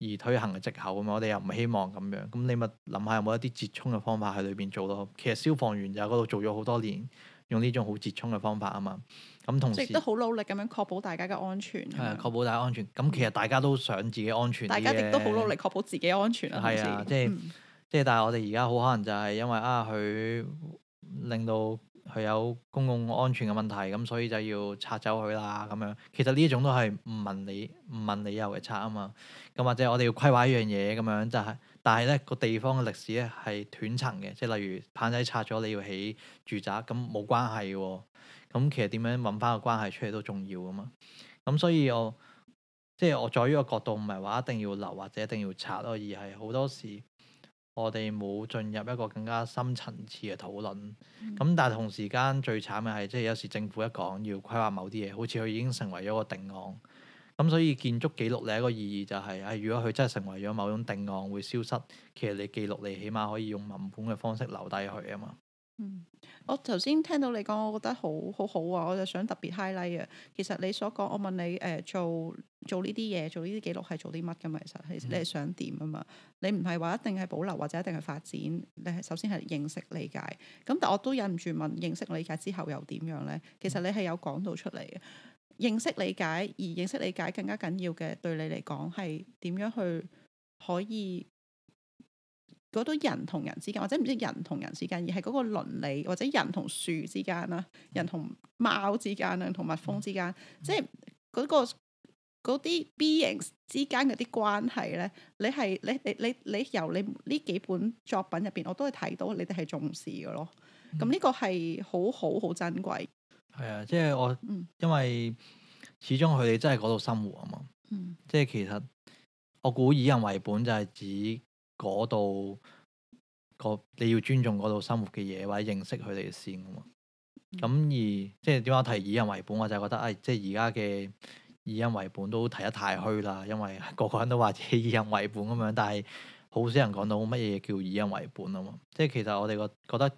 而推行嘅藉口。咁我哋又唔希望咁樣。咁你咪諗下有冇一啲折衷嘅方法喺裏邊做咯。其實消防員就喺嗰度做咗好多年。用呢種好折衷嘅方法啊嘛，咁同時都好努力咁樣確保大家嘅安全。係啊，確保大家安全。咁、嗯、其實大家都想自己安全。大家亦都好努力確保自己安全啊。係啊時，即係、嗯、即係，但係我哋而家好可能就係因為啊，佢令到佢有公共安全嘅問題，咁所以就要拆走佢啦。咁樣其實呢一種都係唔問你唔問理由嘅拆啊嘛。咁或者我哋要規劃一樣嘢咁樣，就係。但係咧，個地方嘅歷史咧係斷層嘅，即係例如棚仔拆咗，你要起住宅，咁冇關係喎、哦。咁其實點樣揾翻個關係出嚟都重要啊嘛。咁所以我即係我在呢個角度唔係話一定要留或者一定要拆咯，而係好多時我哋冇進入一個更加深層次嘅討論。咁、嗯、但係同時間最慘嘅係，即係有時政府一講要規劃某啲嘢，好似佢已經成為咗個定案。咁、嗯、所以建築記錄另一個意義就係，啊，如果佢真係成為咗某種定案會消失，其實你記錄你起碼可以用文本嘅方式留低佢啊嘛。嗯，我頭先聽到你講，我覺得好好好啊，我就想特別 highlight 啊。其實你所講，我問你誒做做呢啲嘢，做呢啲記錄係做啲乜㗎嘛？其實係你係想點啊嘛？嗯、你唔係話一定係保留或者一定係發展，你係首先係認識理解。咁但我都忍唔住問，認識理解之後又點樣咧？其實你係有講到出嚟嘅。嗯認識理解，而認識理解更加緊要嘅，對你嚟講係點樣去可以，嗰種人同人之間，或者唔知人同人之間而係嗰個倫理，或者人同樹之間啦、人同貓之間啦、人同蜜蜂之間，嗯、即係嗰啲 beings 之間啲關係咧，你係你你你你，你由你呢幾本作品入邊我都係睇到你哋係重視嘅咯，咁呢、嗯、個係好好好珍貴。係啊，即係我，因為始終佢哋真係嗰度生活啊嘛，嗯、即係其實我估以人為本就係指嗰度個你要尊重嗰度生活嘅嘢，或者認識佢哋先啊嘛。咁、嗯、而即係點解我提以人為本？我就覺得啊、哎，即係而家嘅以人為本都提得太虛啦，因為個個人都話以人為本咁樣，但係好少人講到乜嘢叫以人為本啊嘛。即係其實我哋個覺得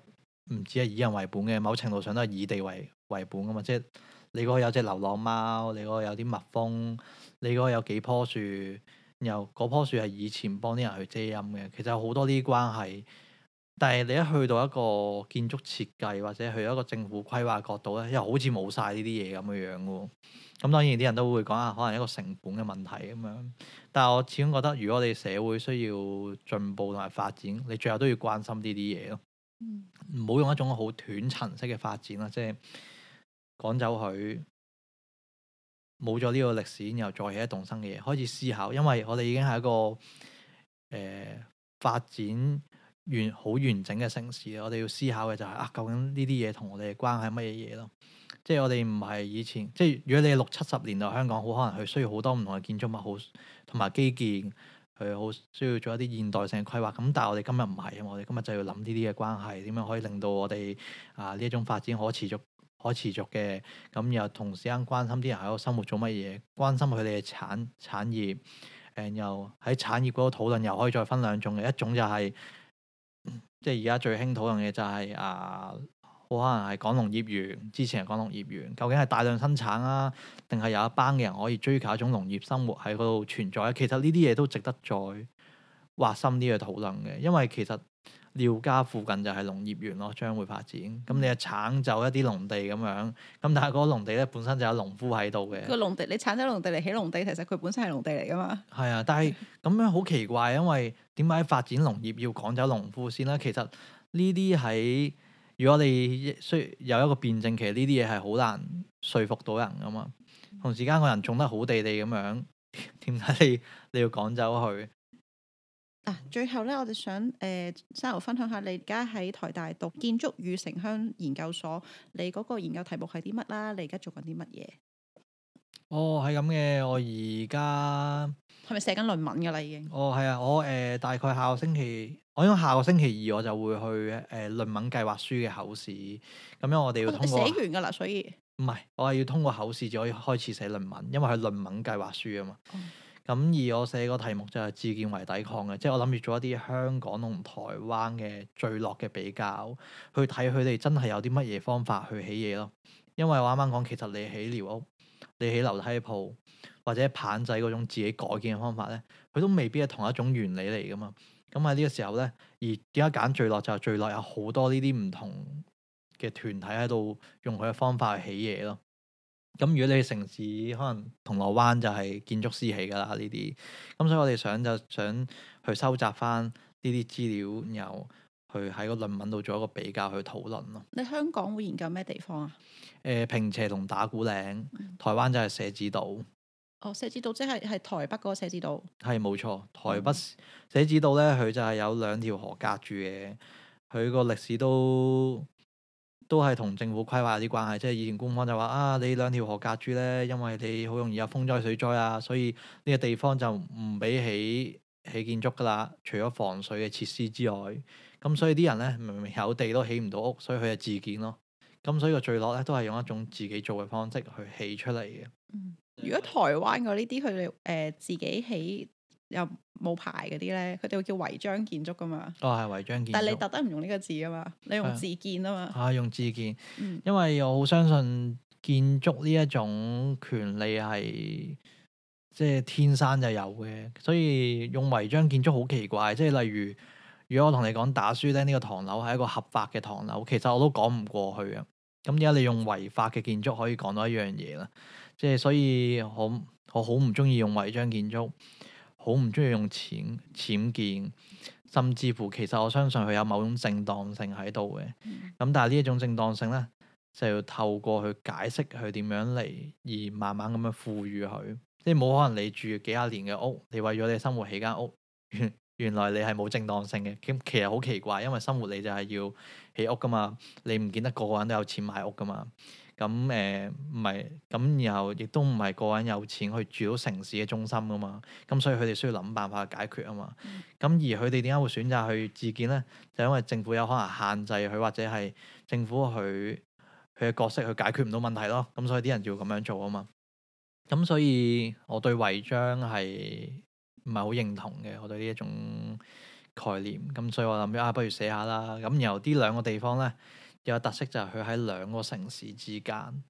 唔止係以人為本嘅，某程度上都係以地為。為本㗎嘛，即係你嗰個有隻流浪貓，你嗰個有啲蜜蜂，你嗰個有幾棵樹，然後嗰棵樹係以前幫啲人去遮陰嘅，其實有好多呢啲關係。但係你一去到一個建築設計或者去一個政府規劃角度咧，又好似冇晒呢啲嘢咁嘅樣噶。咁當然啲人都會講下可能一個成本嘅問題咁樣。但係我始終覺得，如果你社會需要進步同埋發展，你最後都要關心呢啲嘢咯。唔好，嗯、用一種好斷層式嘅發展啦，即係。趕走佢冇咗呢個歷史，然後再起一棟新嘅嘢，開始思考，因為我哋已經係一個誒、呃、發展完好完整嘅城市。我哋要思考嘅就係、是、啊，究竟呢啲嘢同我哋嘅關係乜嘢嘢咯？即係我哋唔係以前，即係如果你係六七十年代香港，好可能佢需要好多唔同嘅建築物，好同埋基建，佢好需要做一啲現代性嘅規劃。咁但係我哋今日唔係啊，我哋今日就要諗呢啲嘅關係，點樣可以令到我哋啊呢一種發展可持續。可持續嘅，咁又同時間關心啲人喺度生活做乜嘢，關心佢哋嘅產產業，誒，又喺產業嗰度討論又可以再分兩種嘅，一種就係、是、即係而家最興討論嘅就係、是、啊，好可能係講農業園，之前係講農業園，究竟係大量生產啊，定係有一班嘅人可以追求一種農業生活喺嗰度存在？其實呢啲嘢都值得再挖深啲嘅討論嘅，因為其實。廖家附近就係農業園咯，將會發展。咁你就剷走一啲農地咁樣，咁但係嗰個農地咧本身就有農夫喺度嘅。佢個農地你剷走農地嚟起農地，其實佢本身係農地嚟㗎嘛。係啊，但係咁 樣好奇怪，因為點解發展農業要趕走農夫先呢？其實呢啲喺如果你需要有一個辯證，其實呢啲嘢係好難說服到人㗎嘛。同時間個人種得好地地咁樣，點解你你要趕走佢？啊、最後咧，我哋想誒，生豪，呃、分享下你而家喺台大讀建築與城鄉研究所，你嗰個研究題目係啲乜啦？你而家做緊啲乜嘢？哦，係咁嘅，我而家係咪寫緊論文噶啦？已經哦，係啊，我誒、呃，大概下個星期，我應該下個星期二，我就會去誒、呃、論文計劃書嘅口試。咁樣我哋要通過、哦、寫完噶啦，所以唔係，我係要通過口試，就可以開始寫論文，因為係論文計劃書啊嘛。嗯咁而我寫個題目就係自建為抵抗嘅，即係我諗住做一啲香港同台灣嘅聚落嘅比較，去睇佢哋真係有啲乜嘢方法去起嘢咯。因為我啱啱講，其實你起寮屋、你起樓梯鋪或者棚仔嗰種自己改建嘅方法咧，佢都未必係同一種原理嚟噶嘛。咁喺呢個時候咧，而點解揀聚落就係聚落有好多呢啲唔同嘅團體喺度用佢嘅方法去起嘢咯。咁如果你嘅城市可能銅鑼灣就係建築師起噶啦呢啲，咁所以我哋想就想去收集翻呢啲資料，然後去喺個論文度做一個比較去討論咯。你香港會研究咩地方啊？誒、呃，坪輋同打鼓嶺，台灣就係社子島、嗯。哦，社子島即係係台北嗰個社子島。係冇錯，台北社、嗯、子島咧，佢就係有兩條河隔住嘅，佢個歷史都。都係同政府規劃有啲關係，即係以前官方就話啊，你兩條河隔住咧，因為你好容易有風災水災啊，所以呢個地方就唔俾起起建築噶啦，除咗防水嘅設施之外，咁所以啲人咧，明明有地都起唔到屋，所以佢就自建咯。咁所以個聚落咧都係用一種自己做嘅方式去起出嚟嘅。嗯，如果台灣嗰呢啲佢哋誒自己起。又冇牌嗰啲咧，佢哋會叫違章建築噶嘛？哦，係違章建築。但係你特登唔用呢個字啊嘛，你用自建啊嘛。啊，用自建，嗯、因為我好相信建築呢一種權利係即係天生就有嘅，所以用違章建築好奇怪。即係例如，如果我同你講打書咧，呢、呢個唐樓係一個合法嘅唐樓，其實我都講唔過去啊。咁而家你用違法嘅建築可以講到一樣嘢啦，即係所以我我好唔中意用違章建築。好唔中意用錢僭建，甚至乎其實我相信佢有某種正當性喺度嘅。咁、嗯、但係呢一種正當性咧，就要透過去解釋佢點樣嚟，而慢慢咁樣賦予佢。即係冇可能你住幾廿年嘅屋，你為咗你生活起間屋，原，原來你係冇正當性嘅。咁其實好奇怪，因為生活你就係要起屋㗎嘛，你唔見得個個人都有錢買屋㗎嘛。咁誒唔係，咁、呃、然後亦都唔係個人有錢去住到城市嘅中心噶嘛，咁所以佢哋需要諗辦法解決啊嘛。咁而佢哋點解會選擇去自建咧？就因為政府有可能限制佢，或者係政府佢佢嘅角色去解決唔到問題咯。咁所以啲人就要咁樣做啊嘛。咁所以我對違章係唔係好認同嘅。我對呢一種概念。咁所以我諗咗啊，不如寫下啦。咁然後啲兩個地方咧。有特色就係佢喺兩個城市之間。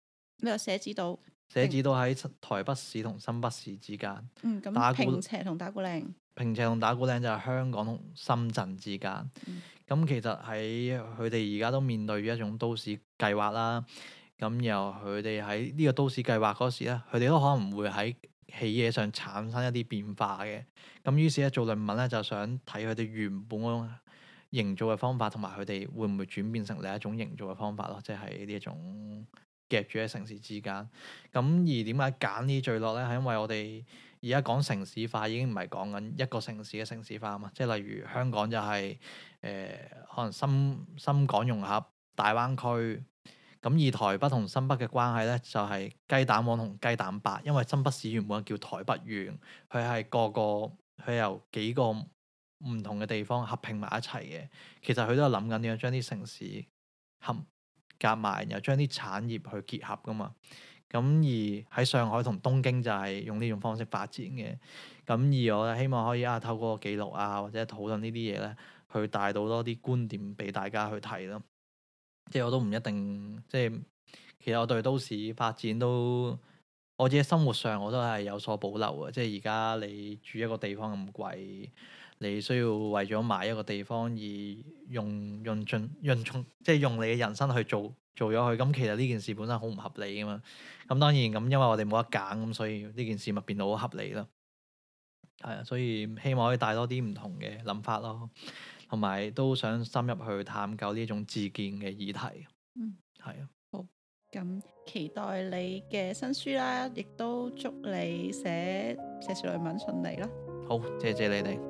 你話寫字道，寫字道喺台北市同新北市之間。嗯，咁、嗯。打鼓坪輋同打鼓嶺。坪輋同打鼓嶺就係香港同深圳之間。咁、嗯、其實喺佢哋而家都面對住一種都市計劃啦。咁然後佢哋喺呢個都市計劃嗰時咧，佢哋都可能會喺起嘢上產生一啲變化嘅。咁於是咧做論文咧，就想睇佢哋原本嗰營造嘅方法同埋佢哋會唔會轉變成另一種營造嘅方法咯？即係呢一種夾住喺城市之間。咁而點解揀呢啲聚落咧？係因為我哋而家講城市化已經唔係講緊一個城市嘅城市化啊嘛。即係例如香港就係、是、誒、呃、可能深深港融合大灣區。咁而台北同新北嘅關係咧就係、是、雞蛋黃同雞蛋白，因為新北市原本叫台北縣，佢係個個佢由幾個。唔同嘅地方合併埋一齊嘅，其實佢都係諗緊點樣將啲城市合夾埋，然後將啲產業去結合噶嘛。咁而喺上海同東京就係用呢種方式發展嘅。咁而我呢，希望可以啊，透過個記錄啊或者討論呢啲嘢咧，去帶到多啲觀點俾大家去睇咯。即係我都唔一定，即係其實我對都市發展都，我自己生活上我都係有所保留嘅。即係而家你住一個地方咁貴。你需要為咗買一個地方而用用盡用從即係用你嘅人生去做做咗佢，咁其實呢件事本身好唔合理噶嘛。咁當然咁，因為我哋冇得揀，咁所以呢件事咪變到好合理咯。係啊，所以希望可以帶多啲唔同嘅諗法咯，同埋都想深入去探究呢一種自建嘅議題。嗯，係啊的，好，咁期待你嘅新書啦，亦都祝你寫寫小論文順利啦。好，謝謝你哋。